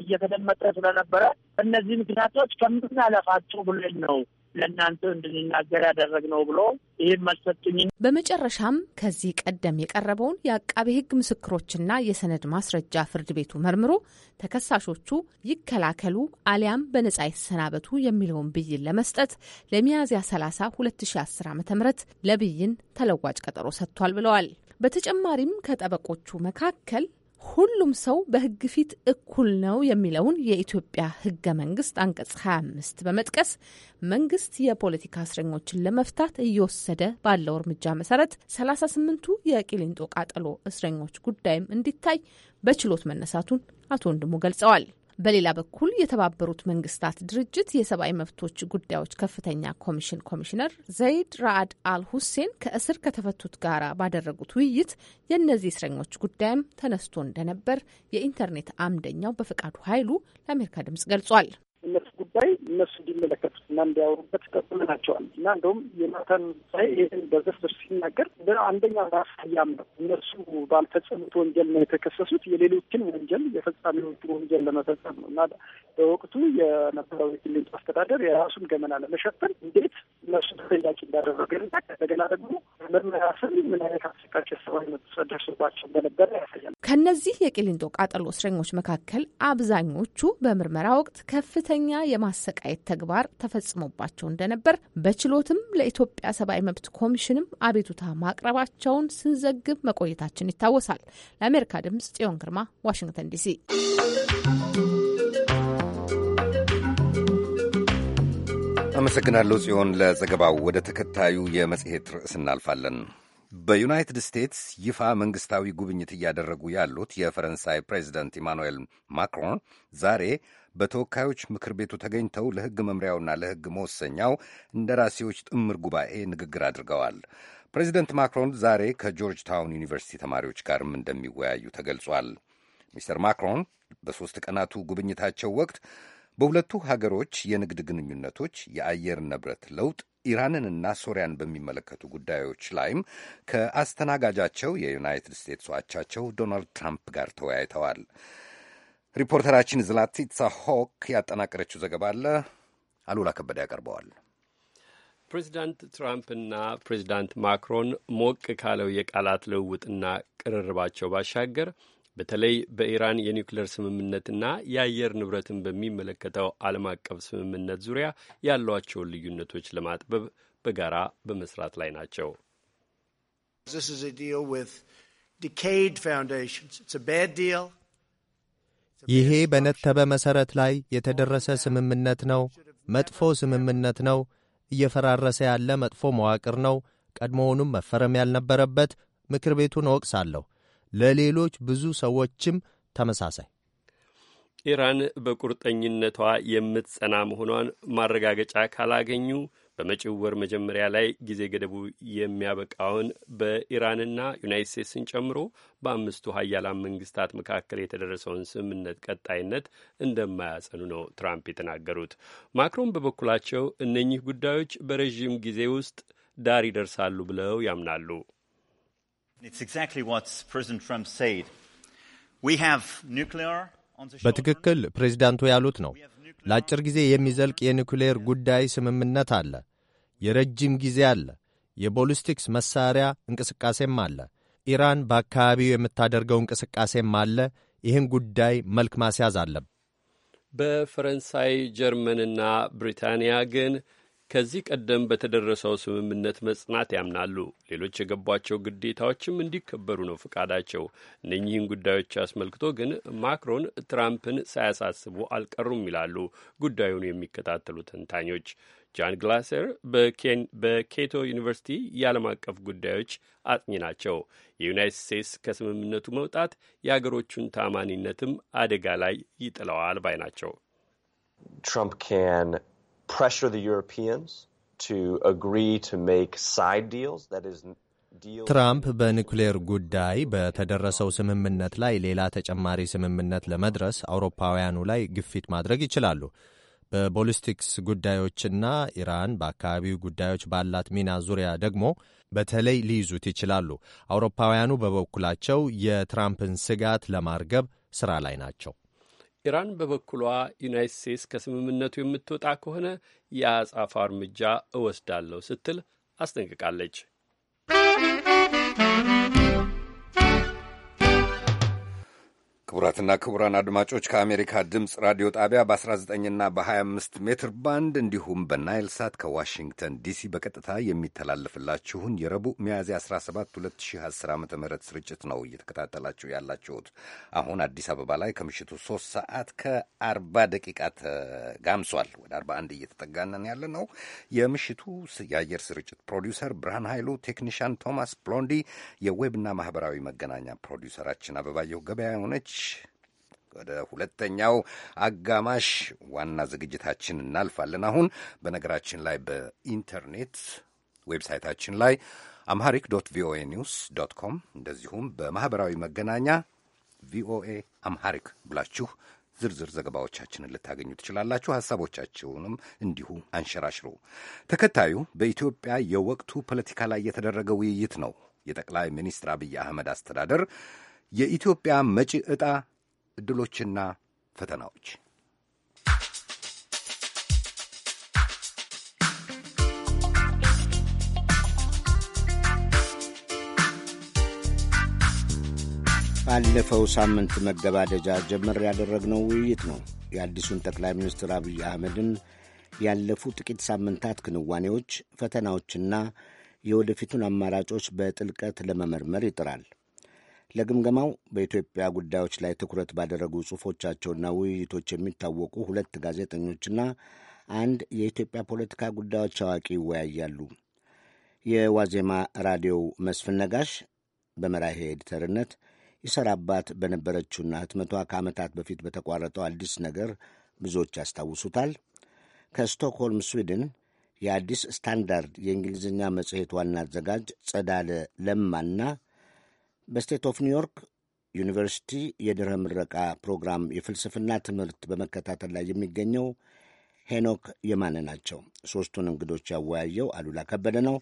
Speaker 12: እየተደመጠ ስለነበረ እነዚህ ምክንያቶች ከምናለፋቸው ብለን ነው ለእናንተ እንድንናገር ነው ብሎ
Speaker 11: ይህን መልሰጡኝ። በመጨረሻም ከዚህ ቀደም የቀረበውን የአቃቤ ሕግ ምስክሮችና የሰነድ ማስረጃ ፍርድ ቤቱ መርምሮ ተከሳሾቹ ይከላከሉ አሊያም በነጻ የተሰናበቱ የሚለውን ብይን ለመስጠት ለሚያዝያ 30 2010 ዓ ም ለብይን ተለዋጭ ቀጠሮ ሰጥቷል ብለዋል። በተጨማሪም ከጠበቆቹ መካከል ሁሉም ሰው በህግ ፊት እኩል ነው የሚለውን የኢትዮጵያ ህገ መንግስት አንቀጽ 25 በመጥቀስ መንግስት የፖለቲካ እስረኞችን ለመፍታት እየወሰደ ባለው እርምጃ መሰረት 38ቱ የቂሊንጦ ቃጠሎ እስረኞች ጉዳይም እንዲታይ በችሎት መነሳቱን አቶ ወንድሙ ገልጸዋል። በሌላ በኩል የተባበሩት መንግስታት ድርጅት የሰብአዊ መብቶች ጉዳዮች ከፍተኛ ኮሚሽን ኮሚሽነር ዘይድ ራአድ አል ሁሴን ከእስር ከተፈቱት ጋር ባደረጉት ውይይት የእነዚህ እስረኞች ጉዳይም ተነስቶ እንደነበር የኢንተርኔት አምደኛው በፈቃዱ ኃይሉ ለአሜሪካ ድምጽ ገልጿል።
Speaker 8: እነሱ ጉዳይ እነሱ እንዲመለከቱት እና እንዲያወሩበት ጠቁመናቸዋል እና እንደውም የናታን ሳይ ይህን በዝርዝር ሲናገር አንደኛ ማሳያም ነው። እነሱ ባልፈጸሙት ወንጀል ነው የተከሰሱት። የሌሎችን ወንጀል የፈጻሚዎቹ ወንጀል ለመፈጸም ነው እና በወቅቱ የነበረው የክልል አስተዳደር የራሱን ገመና ለመሸፈን እንዴት እነሱ ተጠያቂ እንዳደረገ እንደገና ደግሞ ምርመራ ስር ምን አይነት አሰቃቂ ሰብዓዊ መጥሰት ደርሶባቸው እንደነበረ
Speaker 11: ያሳያል። ከእነዚህ የቂሊንጦ ቃጠሎ እስረኞች መካከል አብዛኞቹ በምርመራ ወቅት ከፍተ ከፍተኛ የማሰቃየት ተግባር ተፈጽሞባቸው እንደነበር በችሎትም ለኢትዮጵያ ሰብአዊ መብት ኮሚሽንም አቤቱታ ማቅረባቸውን ስንዘግብ መቆየታችን ይታወሳል። ለአሜሪካ ድምጽ ጽዮን ግርማ ዋሽንግተን ዲሲ።
Speaker 2: አመሰግናለሁ ጽዮን ለዘገባው። ወደ ተከታዩ የመጽሔት ርዕስ እናልፋለን። በዩናይትድ ስቴትስ ይፋ መንግሥታዊ ጉብኝት እያደረጉ ያሉት የፈረንሳይ ፕሬዚደንት ኢማኑኤል ማክሮን ዛሬ በተወካዮች ምክር ቤቱ ተገኝተው ለሕግ መምሪያውና ለሕግ መወሰኛው እንደራሴዎች ጥምር ጉባኤ ንግግር አድርገዋል። ፕሬዚደንት ማክሮን ዛሬ ከጆርጅ ታውን ዩኒቨርሲቲ ተማሪዎች ጋርም እንደሚወያዩ ተገልጿል። ሚስተር ማክሮን በሦስት ቀናቱ ጉብኝታቸው ወቅት በሁለቱ ሀገሮች የንግድ ግንኙነቶች፣ የአየር ንብረት ለውጥ፣ ኢራንንና ሶሪያን በሚመለከቱ ጉዳዮች ላይም ከአስተናጋጃቸው የዩናይትድ ስቴትስ አቻቸው ዶናልድ ትራምፕ ጋር ተወያይተዋል። ሪፖርተራችን ዝላቲሳ ሆክ ያጠናቀረችው ዘገባ አለ። አሉላ ከበደ ያቀርበዋል።
Speaker 13: ፕሬዚዳንት ትራምፕና ፕሬዚዳንት ማክሮን ሞቅ ካለው የቃላት ልውውጥና ቅርርባቸው ባሻገር በተለይ በኢራን የኒውክሌር ስምምነትና የአየር ንብረትን በሚመለከተው ዓለም አቀፍ ስምምነት ዙሪያ ያሏቸውን ልዩነቶች ለማጥበብ በጋራ በመስራት ላይ ናቸው።
Speaker 5: ይሄ በነተበ መሠረት ላይ የተደረሰ ስምምነት ነው። መጥፎ ስምምነት ነው። እየፈራረሰ ያለ መጥፎ መዋቅር ነው። ቀድሞውኑም መፈረም ያልነበረበት። ምክር ቤቱን እወቅሳለሁ። ለሌሎች ብዙ ሰዎችም ተመሳሳይ
Speaker 13: ኢራን በቁርጠኝነቷ የምትጸና መሆኗን ማረጋገጫ ካላገኙ በመጪው ወር መጀመሪያ ላይ ጊዜ ገደቡ የሚያበቃውን በኢራንና ዩናይት ስቴትስን ጨምሮ በአምስቱ ሀያላን መንግስታት መካከል የተደረሰውን ስምምነት ቀጣይነት እንደማያጸኑ ነው ትራምፕ የተናገሩት። ማክሮን በበኩላቸው እነኚህ ጉዳዮች በረዥም ጊዜ ውስጥ ዳር ይደርሳሉ ብለው ያምናሉ።
Speaker 5: በትክክል ፕሬዚዳንቱ ያሉት ነው። ለአጭር ጊዜ የሚዘልቅ የኒኩሌር ጉዳይ ስምምነት አለ። የረጅም ጊዜ አለ። የቦሊስቲክስ መሳሪያ እንቅስቃሴም አለ። ኢራን በአካባቢው የምታደርገው እንቅስቃሴም አለ። ይህን ጉዳይ መልክ ማስያዝ አለም።
Speaker 13: በፈረንሳይ ጀርመንና ብሪታንያ ግን ከዚህ ቀደም በተደረሰው ስምምነት መጽናት ያምናሉ። ሌሎች የገቧቸው ግዴታዎችም እንዲከበሩ ነው ፍቃዳቸው። እነኚህን ጉዳዮች አስመልክቶ ግን ማክሮን ትራምፕን ሳያሳስቡ አልቀሩም ይላሉ ጉዳዩን የሚከታተሉ ተንታኞች። ጃን ግላሰር በኬቶ ዩኒቨርሲቲ የዓለም አቀፍ ጉዳዮች አጥኚ ናቸው። የዩናይትድ ስቴትስ ከስምምነቱ መውጣት የአገሮቹን ታማኒነትም አደጋ ላይ ይጥለዋል ባይ ናቸው። ትራምፕ pressure the Europeans to agree to make side deals, that is
Speaker 5: ትራምፕ በኒኩሌር ጉዳይ በተደረሰው ስምምነት ላይ ሌላ ተጨማሪ ስምምነት ለመድረስ አውሮፓውያኑ ላይ ግፊት ማድረግ ይችላሉ። በቦሊስቲክስ ጉዳዮችና ኢራን በአካባቢው ጉዳዮች ባላት ሚና ዙሪያ ደግሞ በተለይ ሊይዙት ይችላሉ። አውሮፓውያኑ በበኩላቸው የትራምፕን ስጋት ለማርገብ ሥራ ላይ ናቸው።
Speaker 13: ኢራን በበኩሏ ዩናይት ስቴትስ ከስምምነቱ የምትወጣ ከሆነ የአጻፋ እርምጃ እወስዳለሁ ስትል አስጠንቅቃለች።
Speaker 2: ክቡራትና ክቡራን አድማጮች ከአሜሪካ ድምፅ ራዲዮ ጣቢያ በ19ና በ25 ሜትር ባንድ እንዲሁም በናይል ሳት ከዋሽንግተን ዲሲ በቀጥታ የሚተላለፍላችሁን የረቡዕ ሚያዝያ 17 2010 ዓ ም ስርጭት ነው እየተከታተላችሁ ያላችሁት። አሁን አዲስ አበባ ላይ ከምሽቱ 3 ሰዓት ከ40 ደቂቃ ተጋምሷል። ወደ 41 እየተጠጋነን ያለ ነው። የምሽቱ የአየር ስርጭት ፕሮዲውሰር ብርሃን ኃይሉ፣ ቴክኒሽያን ቶማስ ብሎንዲ፣ የዌብና ማህበራዊ መገናኛ ፕሮዲውሰራችን አበባየሁ ገበያ የሆነች ወደ ሁለተኛው አጋማሽ ዋና ዝግጅታችን እናልፋለን። አሁን በነገራችን ላይ በኢንተርኔት ዌብሳይታችን ላይ አምሃሪክ ዶት ቪኦኤ ኒውስ ዶት ኮም እንደዚሁም በማኅበራዊ መገናኛ ቪኦኤ አምሃሪክ ብላችሁ ዝርዝር ዘገባዎቻችንን ልታገኙ ትችላላችሁ። ሐሳቦቻችሁንም እንዲሁ አንሸራሽሩ። ተከታዩ በኢትዮጵያ የወቅቱ ፖለቲካ ላይ የተደረገ ውይይት ነው። የጠቅላይ ሚኒስትር አብይ አህመድ አስተዳደር የኢትዮጵያ መጪ ዕጣ ዕድሎችና ፈተናዎች
Speaker 1: ባለፈው ሳምንት መገባደጃ ጀመር ያደረግነው ውይይት ነው የአዲሱን ጠቅላይ ሚኒስትር አብይ አህመድን ያለፉ ጥቂት ሳምንታት ክንዋኔዎች፣ ፈተናዎችና የወደፊቱን አማራጮች በጥልቀት ለመመርመር ይጥራል። ለግምገማው በኢትዮጵያ ጉዳዮች ላይ ትኩረት ባደረጉ ጽሑፎቻቸውና ውይይቶች የሚታወቁ ሁለት ጋዜጠኞችና አንድ የኢትዮጵያ ፖለቲካ ጉዳዮች አዋቂ ይወያያሉ። የዋዜማ ራዲዮው መስፍን ነጋሽ በመራሄ ኤዲተርነት ይሰራባት በነበረችውና ህትመቷ ከዓመታት በፊት በተቋረጠው አዲስ ነገር ብዙዎች ያስታውሱታል። ከስቶክሆልም ስዊድን የአዲስ ስታንዳርድ የእንግሊዝኛ መጽሔት ዋና አዘጋጅ ጸዳለ ለማና በስቴት ኦፍ ኒውዮርክ ዩኒቨርሲቲ የድረ ምረቃ ፕሮግራም የፍልስፍና ትምህርት በመከታተል ላይ የሚገኘው ሄኖክ የማነ ናቸው። ሦስቱን እንግዶች ያወያየው አሉላ ከበደ ነው።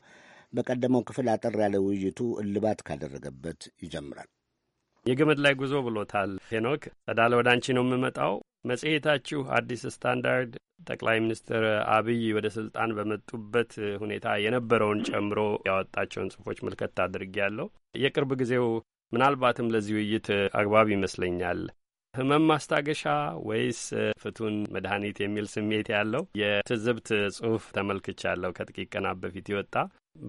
Speaker 1: በቀደመው ክፍል አጠር ያለ ውይይቱ እልባት ካደረገበት
Speaker 13: ይጀምራል። የገመድ ላይ ጉዞ ብሎታል ሄኖክ። ጸዳለ ወደ አንቺ ነው የምመጣው። መጽሔታችሁ አዲስ ስታንዳርድ ጠቅላይ ሚኒስትር አብይ ወደ ስልጣን በመጡበት ሁኔታ የነበረውን ጨምሮ ያወጣቸውን ጽሁፎች መልከት አድርጌ ያለው የቅርብ ጊዜው ምናልባትም ለዚህ ውይይት አግባብ ይመስለኛል። ህመም ማስታገሻ ወይስ ፍቱን መድኃኒት የሚል ስሜት ያለው የትዝብት ጽሁፍ ተመልክቻለሁ። ከጥቂት ቀናት በፊት ይወጣ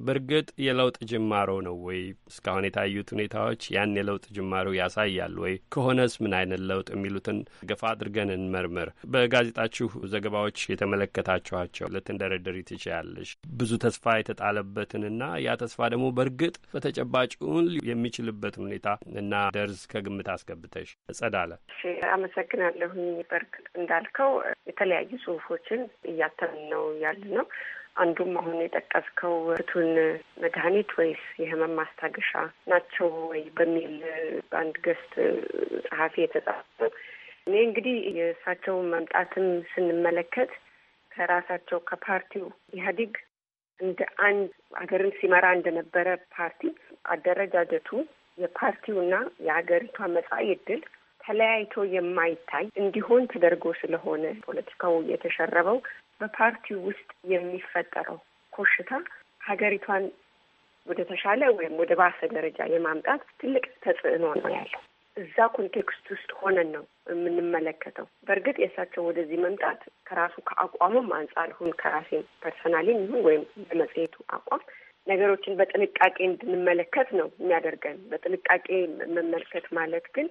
Speaker 13: በእርግጥ የለውጥ ጅማሮ ነው ወይ? እስካሁን የታዩት ሁኔታዎች ያን የለውጥ ጅማሮ ያሳያል ወይ? ከሆነስ ምን አይነት ለውጥ የሚሉትን ገፋ አድርገን እንመርምር። በጋዜጣችሁ ዘገባዎች የተመለከታችኋቸው ልትንደረደሪ ትችያለሽ። ብዙ ተስፋ የተጣለበትንና ያ ተስፋ ደግሞ በእርግጥ በተጨባጭውን የሚችልበትን ሁኔታ እና ደርዝ ከግምት አስገብተሽ እጸዳለ።
Speaker 9: እሺ፣ አመሰግናለሁኝ። በእርግጥ እንዳልከው የተለያዩ ጽሁፎችን እያተምን ነው ያለ ነው አንዱም አሁን የጠቀስከው ፍቱን መድኃኒት ወይስ የህመም ማስታገሻ ናቸው ወይ በሚል በአንድ ገስት ጸሐፊ የተጻፈ እኔ እንግዲህ የእሳቸውን መምጣትም ስንመለከት ከራሳቸው ከፓርቲው ኢህአዴግ እንደ አንድ ሀገርን ሲመራ እንደነበረ ፓርቲ አደረጃጀቱ የፓርቲውና የሀገሪቷ መጻኢ ዕድል ተለያይቶ የማይታይ እንዲሆን ተደርጎ ስለሆነ ፖለቲካው የተሸረበው በፓርቲው ውስጥ የሚፈጠረው ኮሽታ ሀገሪቷን ወደ ተሻለ ወይም ወደ ባሰ ደረጃ የማምጣት ትልቅ ተጽዕኖ ነው ያለው። እዛ ኮንቴክስት ውስጥ ሆነን ነው የምንመለከተው። በእርግጥ የእሳቸው ወደዚህ መምጣት ከራሱ ከአቋሙም አንጻር ሁን ከራሴም ፐርሰናሊም ይሁን ወይም ለመጽሔቱ አቋም ነገሮችን በጥንቃቄ እንድንመለከት ነው የሚያደርገን። በጥንቃቄ መመልከት ማለት ግን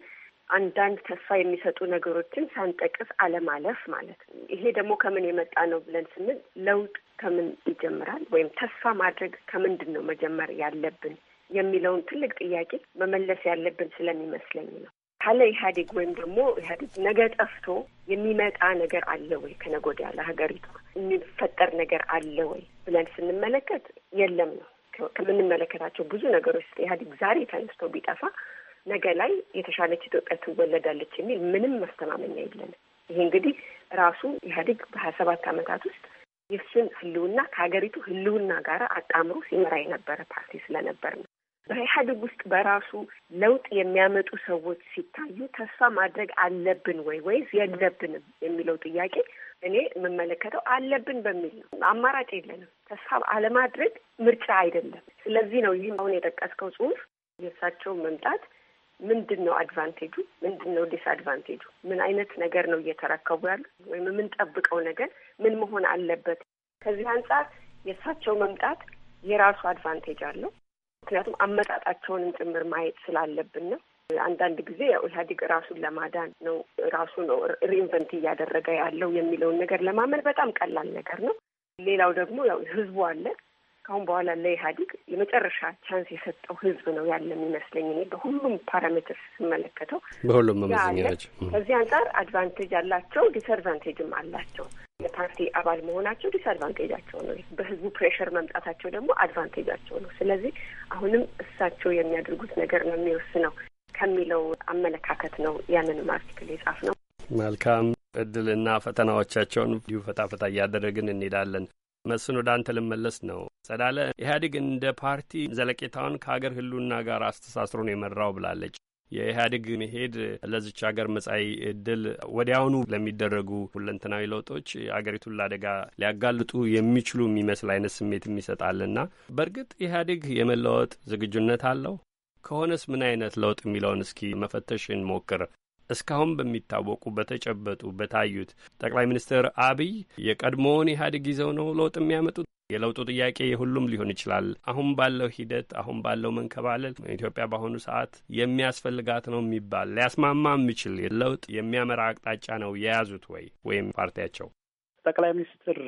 Speaker 9: አንዳንድ ተስፋ የሚሰጡ ነገሮችን ሳንጠቅስ አለማለፍ ማለት ነው። ይሄ ደግሞ ከምን የመጣ ነው ብለን ስንል ለውጥ ከምን ይጀምራል ወይም ተስፋ ማድረግ ከምንድን ነው መጀመር ያለብን የሚለውን ትልቅ ጥያቄ መመለስ ያለብን ስለሚመስለኝ ነው። ካለ ኢህአዴግ ወይም ደግሞ ኢህአዴግ ነገ ጠፍቶ የሚመጣ ነገር አለ ወይ? ከነገ ወዲያ ለሀገሪቷ የሚፈጠር ነገር አለ ወይ ብለን ስንመለከት የለም ነው። ከምንመለከታቸው ብዙ ነገሮች ኢህአዴግ ዛሬ ተነስቶ ቢጠፋ ነገ ላይ የተሻለች ኢትዮጵያ ትወለዳለች የሚል ምንም ማስተማመኛ የለንም። ይሄ እንግዲህ ራሱ ኢህአዴግ በሀያ ሰባት ዓመታት ውስጥ የእሱን ህልውና ከሀገሪቱ ህልውና ጋር አጣምሮ ሲመራ የነበረ ፓርቲ ስለነበር ነው። በኢህአዴግ ውስጥ በራሱ ለውጥ የሚያመጡ ሰዎች ሲታዩ ተስፋ ማድረግ አለብን ወይ ወይስ የለብንም የሚለው ጥያቄ እኔ የምመለከተው አለብን በሚል ነው። አማራጭ የለንም። ተስፋ አለማድረግ ምርጫ አይደለም። ስለዚህ ነው ይህም አሁን የጠቀስከው ጽሁፍ የእሳቸው መምጣት ምንድን ነው አድቫንቴጁ? ምንድን ነው ዲስአድቫንቴጁ? ምን አይነት ነገር ነው እየተረከቡ ያሉ ወይም የምንጠብቀው ነገር ምን መሆን አለበት? ከዚህ አንጻር የእሳቸው መምጣት የራሱ አድቫንቴጅ አለው። ምክንያቱም አመጣጣቸውንም ጭምር ማየት ስላለብን ነው። አንዳንድ ጊዜ ያው ኢህአዴግ ራሱን ለማዳን ነው ራሱ ነው ሪኢንቨንት እያደረገ ያለው የሚለውን ነገር ለማመን በጣም ቀላል ነገር ነው። ሌላው ደግሞ ያው ህዝቡ አለ ከአሁን በኋላ ለኢህአዴግ የመጨረሻ ቻንስ የሰጠው ህዝብ ነው ያለ የሚመስለኝ እኔ በሁሉም ፓራሜትር ስመለከተው፣
Speaker 13: በሁሉም መመዘኛዎች
Speaker 9: ከዚህ አንጻር አድቫንቴጅ አላቸው፣ ዲስአድቫንቴጅም አላቸው። የፓርቲ አባል መሆናቸው ዲስአድቫንቴጃቸው ነው። በህዝቡ ፕሬሽር መምጣታቸው ደግሞ አድቫንቴጃቸው ነው። ስለዚህ አሁንም እሳቸው የሚያደርጉት ነገር ነው የሚወስነው ከሚለው አመለካከት ነው ያንንም አርቲክል የጻፍ ነው።
Speaker 13: መልካም እድልና ፈተናዎቻቸውን እንዲሁ ፈታፈታ እያደረግን እንሄዳለን። መስን ወደ አንተ ልመለስ ነው። ጸዳለ ኢህአዴግ እንደ ፓርቲ ዘለቄታውን ከሀገር ህልውና ጋር አስተሳስሮ ነው የመራው ብላለች። የኢህአዴግ መሄድ ለዚች ሀገር መጻኢ እድል ወዲያውኑ ለሚደረጉ ሁለንተናዊ ለውጦች አገሪቱን ለአደጋ ሊያጋልጡ የሚችሉ የሚመስል አይነት ስሜት ይሰጣልና በእርግጥ ኢህአዴግ የመለወጥ ዝግጁነት አለው? ከሆነስ ምን አይነት ለውጥ የሚለውን እስኪ መፈተሽ እንሞክር። እስካሁን በሚታወቁ በተጨበጡ በታዩት ጠቅላይ ሚኒስትር አብይ የቀድሞውን ኢህአዴግ ይዘው ነው ለውጥ የሚያመጡት? የለውጡ ጥያቄ የሁሉም ሊሆን ይችላል። አሁን ባለው ሂደት፣ አሁን ባለው መንከባለል ኢትዮጵያ በአሁኑ ሰዓት የሚያስፈልጋት ነው የሚባል ሊያስማማ የሚችል ለውጥ የሚያመራ አቅጣጫ ነው የያዙት ወይ ወይም ፓርቲያቸው?
Speaker 8: ጠቅላይ ሚኒስትር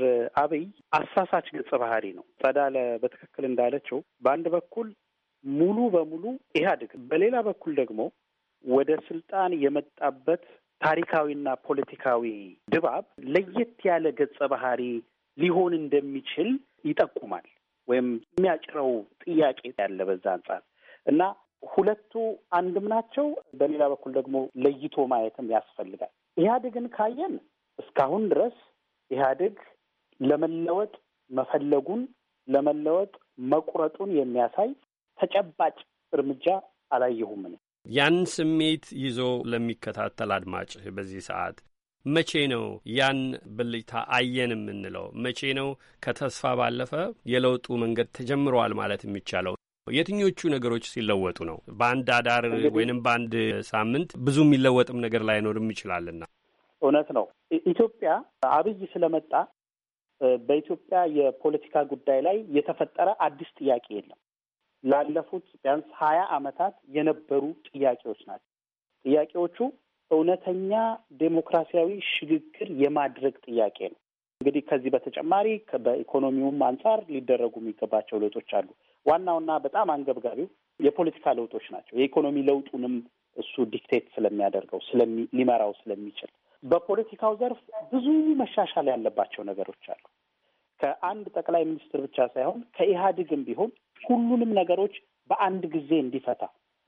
Speaker 8: አብይ አሳሳች ገጸ ባህሪ ነው። ጸዳለ በትክክል እንዳለችው በአንድ በኩል ሙሉ በሙሉ ኢህአዴግ፣ በሌላ በኩል ደግሞ ወደ ስልጣን የመጣበት ታሪካዊና ፖለቲካዊ ድባብ ለየት ያለ ገጸ ባህሪ ሊሆን እንደሚችል ይጠቁማል ወይም የሚያጭረው ጥያቄ ያለ በዛ አንጻር እና ሁለቱ አንድም ናቸው። በሌላ በኩል ደግሞ ለይቶ ማየትም ያስፈልጋል። ኢህአዴግን ካየን እስካሁን ድረስ ኢህአዴግ ለመለወጥ መፈለጉን ለመለወጥ መቁረጡን የሚያሳይ ተጨባጭ እርምጃ አላየሁም።
Speaker 13: ያን ስሜት ይዞ ለሚከታተል አድማጭ በዚህ ሰዓት መቼ ነው ያን ብልጭታ አየን የምንለው? መቼ ነው ከተስፋ ባለፈ የለውጡ መንገድ ተጀምረዋል ማለት የሚቻለው? የትኞቹ ነገሮች ሲለወጡ ነው? በአንድ አዳር ወይንም በአንድ ሳምንት ብዙ የሚለወጥም ነገር ላይኖርም ይችላልና።
Speaker 8: እውነት ነው። ኢትዮጵያ አብይ ስለመጣ በኢትዮጵያ የፖለቲካ ጉዳይ ላይ የተፈጠረ አዲስ ጥያቄ የለም። ላለፉት ቢያንስ ሀያ ዓመታት የነበሩ ጥያቄዎች ናቸው። ጥያቄዎቹ እውነተኛ ዴሞክራሲያዊ ሽግግር የማድረግ ጥያቄ ነው። እንግዲህ ከዚህ በተጨማሪ በኢኮኖሚውም አንጻር ሊደረጉ የሚገባቸው ለውጦች አሉ። ዋናውና በጣም አንገብጋቢው የፖለቲካ ለውጦች ናቸው። የኢኮኖሚ ለውጡንም እሱ ዲክቴት ስለሚያደርገው ሊመራው ስለሚችል በፖለቲካው ዘርፍ ብዙ መሻሻል ያለባቸው ነገሮች አሉ። ከአንድ ጠቅላይ ሚኒስትር ብቻ ሳይሆን ከኢህአዴግም ቢሆን ሁሉንም ነገሮች በአንድ ጊዜ እንዲፈታ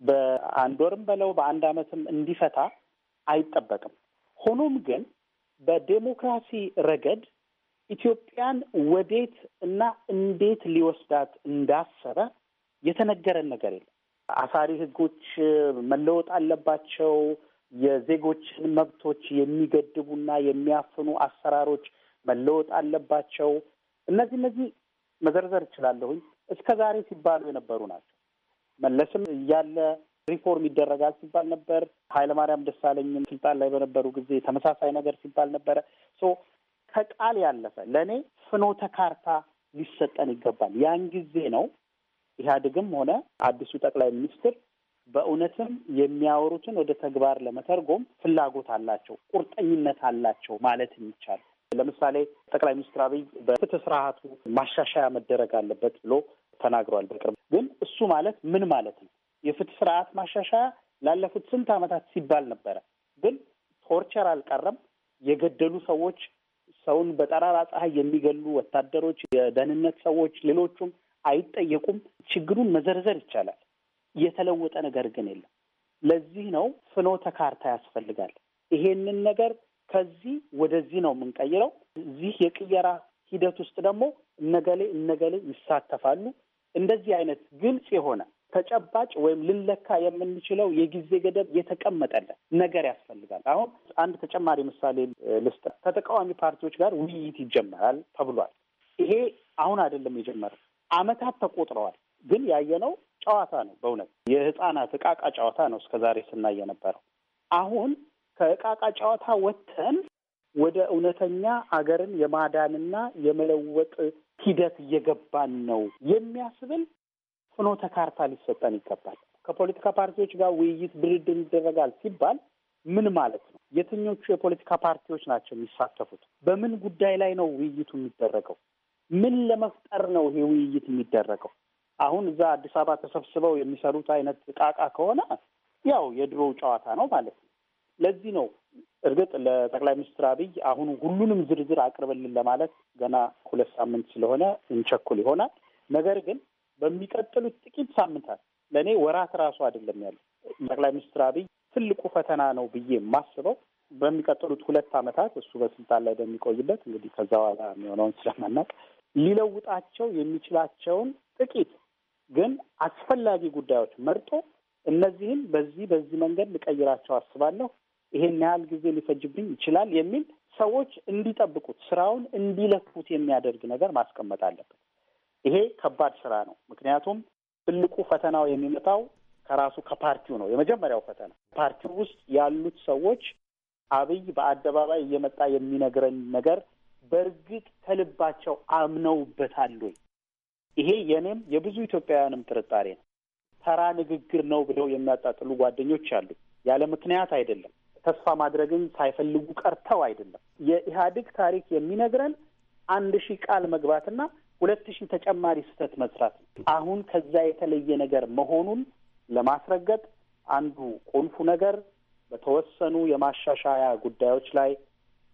Speaker 8: በአንድ ወርም በለው በአንድ ዓመትም እንዲፈታ አይጠበቅም። ሆኖም ግን በዴሞክራሲ ረገድ ኢትዮጵያን ወዴት እና እንዴት ሊወስዳት እንዳሰበ የተነገረን ነገር የለም። አሳሪ ሕጎች መለወጥ አለባቸው፣ የዜጎችን መብቶች የሚገድቡና የሚያፍኑ አሰራሮች መለወጥ አለባቸው። እነዚህ እነዚህ መዘርዘር እችላለሁኝ። እስከ ዛሬ ሲባሉ የነበሩ ናቸው። መለስም እያለ ሪፎርም ይደረጋል ሲባል ነበር። ኃይለማርያም ደሳለኝም ስልጣን ላይ በነበሩ ጊዜ ተመሳሳይ ነገር ሲባል ነበረ። ሶ ከቃል ያለፈ ለእኔ ፍኖተ ካርታ ሊሰጠን ይገባል። ያን ጊዜ ነው ኢህአዴግም ሆነ አዲሱ ጠቅላይ ሚኒስትር በእውነትም የሚያወሩትን ወደ ተግባር ለመተርጎም ፍላጎት አላቸው፣ ቁርጠኝነት አላቸው ማለት የሚቻል። ለምሳሌ ጠቅላይ ሚኒስትር አብይ በፍትህ ስርዓቱ ማሻሻያ መደረግ አለበት ብሎ ተናግሯል። በቅርብ ግን እሱ ማለት ምን ማለት ነው? የፍትህ ስርዓት ማሻሻያ ላለፉት ስንት ዓመታት ሲባል ነበረ። ግን ቶርቸር አልቀረም። የገደሉ ሰዎች ሰውን በጠራራ ፀሐይ የሚገሉ ወታደሮች፣ የደህንነት ሰዎች፣ ሌሎቹም አይጠየቁም። ችግሩን መዘርዘር ይቻላል። የተለወጠ ነገር ግን የለም። ለዚህ ነው ፍኖተ ካርታ ያስፈልጋል። ይሄንን ነገር ከዚህ ወደዚህ ነው የምንቀይረው። እዚህ የቅየራ ሂደት ውስጥ ደግሞ እነገሌ እነገሌ ይሳተፋሉ። እንደዚህ አይነት ግልጽ የሆነ ተጨባጭ ወይም ልንለካ የምንችለው የጊዜ ገደብ የተቀመጠለን ነገር ያስፈልጋል። አሁን አንድ ተጨማሪ ምሳሌ ልስጥ። ከተቃዋሚ ፓርቲዎች ጋር ውይይት ይጀመራል ተብሏል። ይሄ አሁን አይደለም የጀመረው፣ አመታት ተቆጥረዋል። ግን ያየነው ጨዋታ ነው። በእውነት የህፃናት እቃቃ ጨዋታ ነው እስከዛሬ ስናይ የነበረው። አሁን ከእቃቃ ጨዋታ ወጥተን ወደ እውነተኛ አገርን የማዳንና የመለወጥ ሂደት እየገባን ነው የሚያስብል ፍኖተ ካርታ ሊሰጠን ይገባል። ከፖለቲካ ፓርቲዎች ጋር ውይይት፣ ድርድር ይደረጋል ሲባል ምን ማለት ነው? የትኞቹ የፖለቲካ ፓርቲዎች ናቸው የሚሳተፉት? በምን ጉዳይ ላይ ነው ውይይቱ የሚደረገው? ምን ለመፍጠር ነው ይሄ ውይይት የሚደረገው? አሁን እዛ አዲስ አበባ ተሰብስበው የሚሰሩት አይነት እቃቃ ከሆነ ያው የድሮው ጨዋታ ነው ማለት ነው። ለዚህ ነው እርግጥ ለጠቅላይ ሚኒስትር አብይ አሁን ሁሉንም ዝርዝር አቅርብልን ለማለት ገና ሁለት ሳምንት ስለሆነ እንቸኩል ይሆናል። ነገር ግን በሚቀጥሉት ጥቂት ሳምንታት ለእኔ ወራት ራሱ አይደለም ያለ ጠቅላይ ሚኒስትር አብይ ትልቁ ፈተና ነው ብዬ የማስበው በሚቀጥሉት ሁለት ዓመታት እሱ በስልጣን ላይ በሚቆይበት እንግዲህ ከዛ በኋላ የሚሆነውን ስለማናቅ ሊለውጣቸው የሚችላቸውን ጥቂት ግን አስፈላጊ ጉዳዮች መርጦ እነዚህን በዚህ በዚህ መንገድ ልቀይራቸው አስባለሁ ይሄን ያህል ጊዜ ሊፈጅብኝ ይችላል የሚል ሰዎች እንዲጠብቁት ስራውን እንዲለፉት የሚያደርግ ነገር ማስቀመጥ አለበት። ይሄ ከባድ ስራ ነው። ምክንያቱም ትልቁ ፈተናው የሚመጣው ከራሱ ከፓርቲው ነው። የመጀመሪያው ፈተና ፓርቲው ውስጥ ያሉት ሰዎች አብይ በአደባባይ እየመጣ የሚነግረን ነገር በእርግጥ ከልባቸው አምነውበታል ወይ? ይሄ የኔም የብዙ ኢትዮጵያውያንም ጥርጣሬ ነው። ተራ ንግግር ነው ብለው የሚያጣጥሉ ጓደኞች አሉ። ያለ ምክንያት አይደለም። ተስፋ ማድረግን ሳይፈልጉ ቀርተው አይደለም። የኢህአዴግ ታሪክ የሚነግረን አንድ ሺህ ቃል መግባትና ሁለት ሺህ ተጨማሪ ስህተት መስራት አሁን ከዛ የተለየ ነገር መሆኑን ለማስረገጥ አንዱ ቁልፉ ነገር በተወሰኑ የማሻሻያ ጉዳዮች ላይ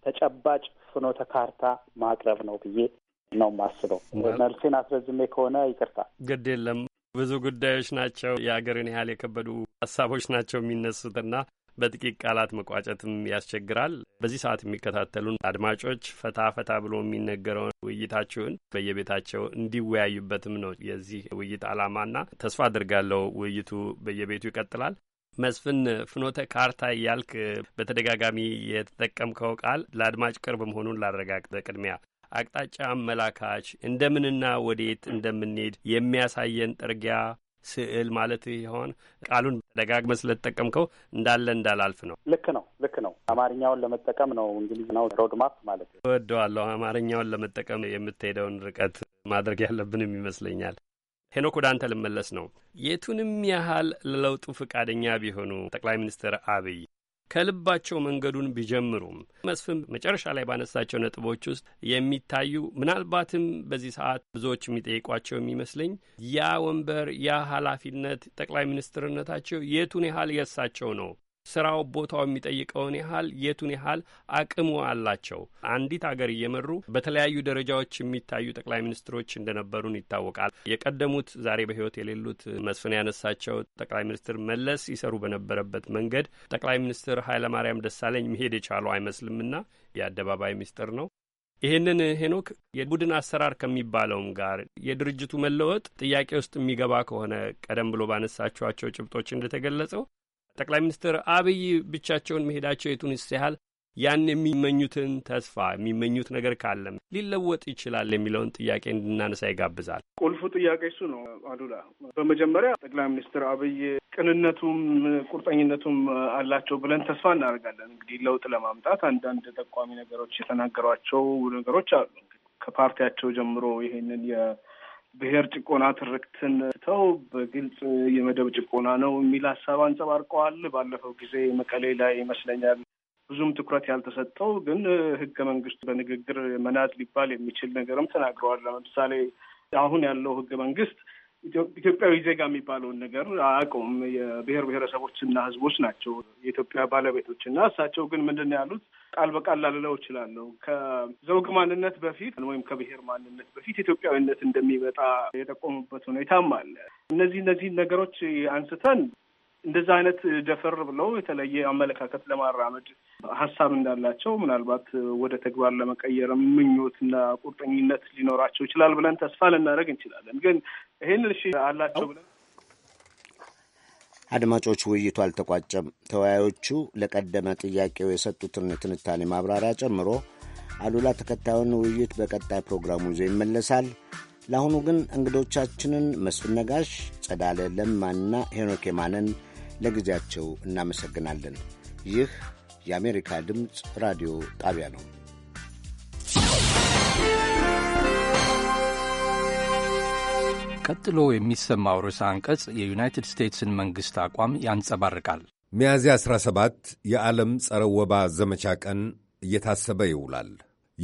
Speaker 8: ተጨባጭ ፍኖተ ካርታ ማቅረብ ነው ብዬ ነው የማስበው። መልሴን አስረዝሜ
Speaker 13: ከሆነ ይቅርታ። ግድ የለም ብዙ ጉዳዮች ናቸው። የአገርን ያህል የከበዱ ሀሳቦች ናቸው የሚነሱትና በጥቂት ቃላት መቋጨትም ያስቸግራል። በዚህ ሰዓት የሚከታተሉን አድማጮች ፈታ ፈታ ብሎ የሚነገረውን ውይይታችሁን በየቤታቸው እንዲወያዩበትም ነው የዚህ ውይይት ዓላማና ተስፋ አድርጋለሁ ውይይቱ በየቤቱ ይቀጥላል። መስፍን ፍኖተ ካርታ እያልክ በተደጋጋሚ የተጠቀምከው ቃል ለአድማጭ ቅርብ መሆኑን ላረጋግጠ ቅድሚያ አቅጣጫ አመላካች፣ እንደምንና ወዴት እንደምንሄድ የሚያሳየን ጥርጊያ ስዕል ማለት ይሆን? ቃሉን ደጋግመ ስለተጠቀምከው እንዳለ እንዳላልፍ ነው።
Speaker 8: ልክ ነው፣ ልክ ነው። አማርኛውን ለመጠቀም ነው ነው
Speaker 13: ሮድማፕ ማለት ነው። እወደዋለሁ። አማርኛውን ለመጠቀም የምትሄደውን ርቀት ማድረግ ያለብንም ይመስለኛል። ሄኖክ ወደ አንተ ልመለስ ነው። የቱንም ያህል ለለውጡ ፈቃደኛ ቢሆኑ ጠቅላይ ሚኒስትር አብይ ከልባቸው መንገዱን ቢጀምሩም መስፍን መጨረሻ ላይ ባነሳቸው ነጥቦች ውስጥ የሚታዩ ምናልባትም በዚህ ሰዓት ብዙዎች የሚጠይቋቸው የሚመስለኝ ያ ወንበር ያ ኃላፊነት ጠቅላይ ሚኒስትርነታቸው የቱን ያህል የእሳቸው ነው? ስራው ቦታው የሚጠይቀውን ያህል የቱን ያህል አቅሙ አላቸው? አንዲት አገር እየመሩ በተለያዩ ደረጃዎች የሚታዩ ጠቅላይ ሚኒስትሮች እንደነበሩን ይታወቃል። የቀደሙት ዛሬ በህይወት የሌሉት መስፍን ያነሳቸው ጠቅላይ ሚኒስትር መለስ ይሰሩ በነበረበት መንገድ ጠቅላይ ሚኒስትር ኃይለማርያም ደሳለኝ መሄድ የቻሉ አይመስልምና የአደባባይ ሚስጥር ነው። ይህንን ሄኖክ የቡድን አሰራር ከሚባለውም ጋር የድርጅቱ መለወጥ ጥያቄ ውስጥ የሚገባ ከሆነ ቀደም ብሎ ባነሳችኋቸው ጭብጦች እንደተገለጸው ጠቅላይ ሚኒስትር አብይ ብቻቸውን መሄዳቸው የቱንስ ያህል ያን የሚመኙትን ተስፋ የሚመኙት ነገር ካለም ሊለወጥ ይችላል የሚለውን ጥያቄ እንድናነሳ ይጋብዛል።
Speaker 6: ቁልፉ ጥያቄ እሱ ነው አሉላ። በመጀመሪያ ጠቅላይ ሚኒስትር አብይ ቅንነቱም ቁርጠኝነቱም አላቸው ብለን ተስፋ እናደርጋለን። እንግዲህ ለውጥ ለማምጣት አንዳንድ ጠቋሚ ነገሮች የተናገሯቸው ነገሮች አሉ። ከፓርቲያቸው ጀምሮ ይሄንን ብሔር ጭቆና ትርክትን ትተው በግልጽ የመደብ ጭቆና ነው የሚል ሀሳብ አንጸባርቀዋል። ባለፈው ጊዜ መቀሌ ላይ ይመስለኛል ብዙም ትኩረት ያልተሰጠው ግን ህገ መንግስት በንግግር መናድ ሊባል የሚችል ነገርም ተናግረዋል። ለምሳሌ አሁን ያለው ህገ መንግስት ኢትዮጵያዊ ዜጋ የሚባለውን ነገር አያውቀውም። የብሔር ብሔረሰቦችና ህዝቦች ናቸው የኢትዮጵያ ባለቤቶች እና እሳቸው ግን ምንድን ነው ያሉት? ቃል በቃል ላልለው እችላለሁ። ከዘውግ ማንነት በፊት ወይም ከብሔር ማንነት በፊት ኢትዮጵያዊነት እንደሚመጣ የጠቆሙበት ሁኔታም አለ። እነዚህ እነዚህ ነገሮች አንስተን እንደዛ አይነት ደፈር ብለው የተለየ አመለካከት ለማራመድ ሀሳብ እንዳላቸው ምናልባት ወደ ተግባር ለመቀየር ምኞትና ቁርጠኝነት ሊኖራቸው ይችላል ብለን ተስፋ ልናደርግ እንችላለን። ግን ይህን እሺ አላቸው ብለን
Speaker 1: አድማጮች፣ ውይይቱ አልተቋጨም። ተወያዮቹ ለቀደመ ጥያቄው የሰጡትን ትንታኔ ማብራሪያ ጨምሮ አሉላ ተከታዩን ውይይት በቀጣይ ፕሮግራሙ ይዞ ይመለሳል። ለአሁኑ ግን እንግዶቻችንን መስፍን ነጋሽ፣ ጸዳለ ለማና ሄኖክ ለጊዜያቸው እናመሰግናለን። ይህ የአሜሪካ ድምፅ ራዲዮ ጣቢያ ነው።
Speaker 13: ቀጥሎ የሚሰማው ርዕሰ አንቀጽ የዩናይትድ ስቴትስን መንግሥት አቋም
Speaker 2: ያንጸባርቃል። ሚያዝያ 17 የዓለም ጸረ ወባ ዘመቻ ቀን እየታሰበ ይውላል።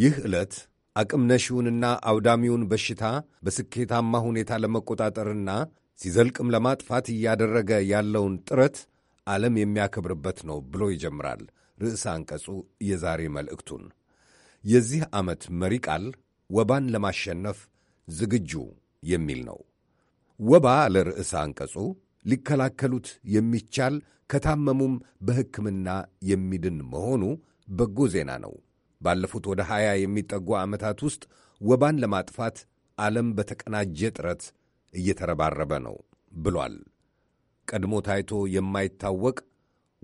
Speaker 2: ይህ ዕለት አቅም ነሺውንና አውዳሚውን በሽታ በስኬታማ ሁኔታ ለመቆጣጠርና ሲዘልቅም ለማጥፋት እያደረገ ያለውን ጥረት ዓለም የሚያከብርበት ነው ብሎ ይጀምራል ርዕስ አንቀጹ የዛሬ መልእክቱን። የዚህ ዓመት መሪ ቃል ወባን ለማሸነፍ ዝግጁ የሚል ነው። ወባ ለርዕሰ አንቀጹ ሊከላከሉት የሚቻል ከታመሙም በሕክምና የሚድን መሆኑ በጎ ዜና ነው። ባለፉት ወደ 20 የሚጠጉ ዓመታት ውስጥ ወባን ለማጥፋት ዓለም በተቀናጀ ጥረት እየተረባረበ ነው ብሏል። ቀድሞ ታይቶ የማይታወቅ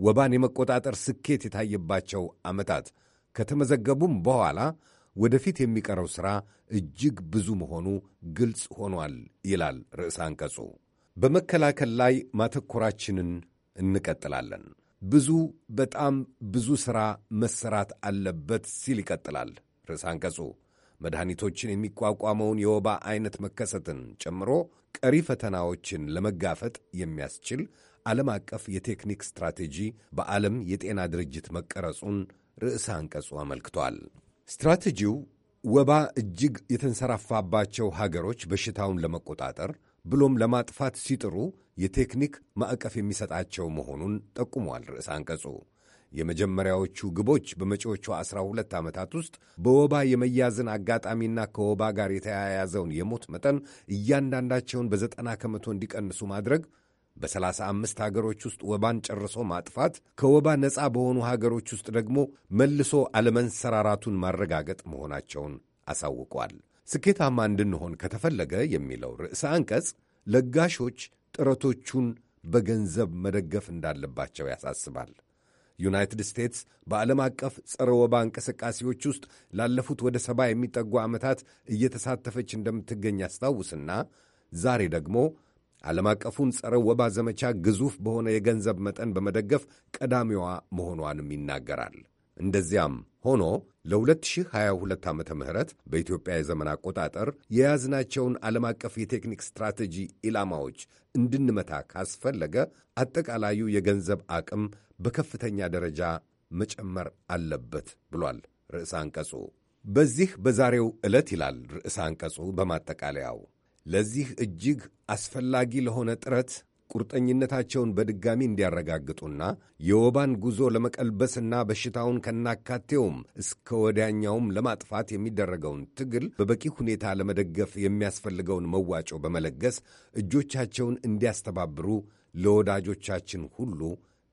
Speaker 2: ወባን የመቆጣጠር ስኬት የታየባቸው ዓመታት ከተመዘገቡም በኋላ ወደፊት የሚቀረው ሥራ እጅግ ብዙ መሆኑ ግልጽ ሆኗል ይላል ርዕሰ አንቀጹ። በመከላከል ላይ ማተኮራችንን እንቀጥላለን። ብዙ በጣም ብዙ ሥራ መሰራት አለበት ሲል ይቀጥላል ርዕሰ አንቀጹ። መድኃኒቶችን የሚቋቋመውን የወባ አይነት መከሰትን ጨምሮ ቀሪ ፈተናዎችን ለመጋፈጥ የሚያስችል ዓለም አቀፍ የቴክኒክ ስትራቴጂ በዓለም የጤና ድርጅት መቀረጹን ርዕሰ አንቀጹ አመልክቷል። ስትራቴጂው ወባ እጅግ የተንሰራፋባቸው ሀገሮች በሽታውን ለመቆጣጠር ብሎም ለማጥፋት ሲጥሩ የቴክኒክ ማዕቀፍ የሚሰጣቸው መሆኑን ጠቁሟል ርዕሰ አንቀጹ። የመጀመሪያዎቹ ግቦች በመጪዎቹ 12 ዓመታት ውስጥ በወባ የመያዝን አጋጣሚና ከወባ ጋር የተያያዘውን የሞት መጠን እያንዳንዳቸውን በዘጠና ከመቶ እንዲቀንሱ ማድረግ በሰላሳ አምስት ሀገሮች ውስጥ ወባን ጨርሶ ማጥፋት ከወባ ነፃ በሆኑ ሀገሮች ውስጥ ደግሞ መልሶ አለመንሰራራቱን ማረጋገጥ መሆናቸውን አሳውቋል። ስኬታማ እንድንሆን ከተፈለገ የሚለው ርዕሰ አንቀጽ ለጋሾች ጥረቶቹን በገንዘብ መደገፍ እንዳለባቸው ያሳስባል። ዩናይትድ ስቴትስ በዓለም አቀፍ ጸረ ወባ እንቅስቃሴዎች ውስጥ ላለፉት ወደ ሰባ የሚጠጉ ዓመታት እየተሳተፈች እንደምትገኝ አስታውስና ዛሬ ደግሞ ዓለም አቀፉን ጸረ ወባ ዘመቻ ግዙፍ በሆነ የገንዘብ መጠን በመደገፍ ቀዳሚዋ መሆኗንም ይናገራል። እንደዚያም ሆኖ ለ2022 ዓመተ ምህረት በኢትዮጵያ የዘመን አቆጣጠር የያዝናቸውን ዓለም አቀፍ የቴክኒክ ስትራቴጂ ኢላማዎች እንድንመታ ካስፈለገ አጠቃላዩ የገንዘብ አቅም በከፍተኛ ደረጃ መጨመር አለበት ብሏል ርዕሰ አንቀጹ። በዚህ በዛሬው ዕለት ይላል ርዕሰ አንቀጹ በማጠቃለያው ለዚህ እጅግ አስፈላጊ ለሆነ ጥረት ቁርጠኝነታቸውን በድጋሚ እንዲያረጋግጡና የወባን ጉዞ ለመቀልበስና በሽታውን ከናካቴውም እስከ ወዲያኛውም ለማጥፋት የሚደረገውን ትግል በበቂ ሁኔታ ለመደገፍ የሚያስፈልገውን መዋጮ በመለገስ እጆቻቸውን እንዲያስተባብሩ ለወዳጆቻችን ሁሉ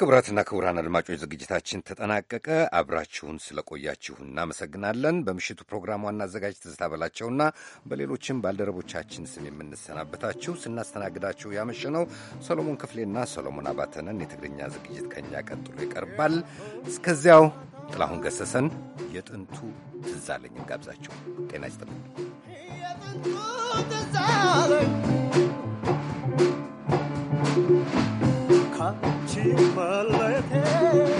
Speaker 2: ክቡራትና ክቡራን አድማጮች ዝግጅታችን ተጠናቀቀ። አብራችሁን ስለቆያችሁ እናመሰግናለን። በምሽቱ ፕሮግራም ዋና አዘጋጅ ትዝታ በላቸውና በሌሎችም ባልደረቦቻችን ስም የምንሰናበታችሁ ስናስተናግዳችሁ ያመሸነው ሰሎሞን ክፍሌና ሰሎሞን አባተነን። የትግርኛ ዝግጅት ከኛ ቀጥሎ ይቀርባል። እስከዚያው ጥላሁን ገሰሰን የጥንቱ ትዝ ጋብዛችሁ ጤና ይስጥልኝ።
Speaker 6: 마침을 내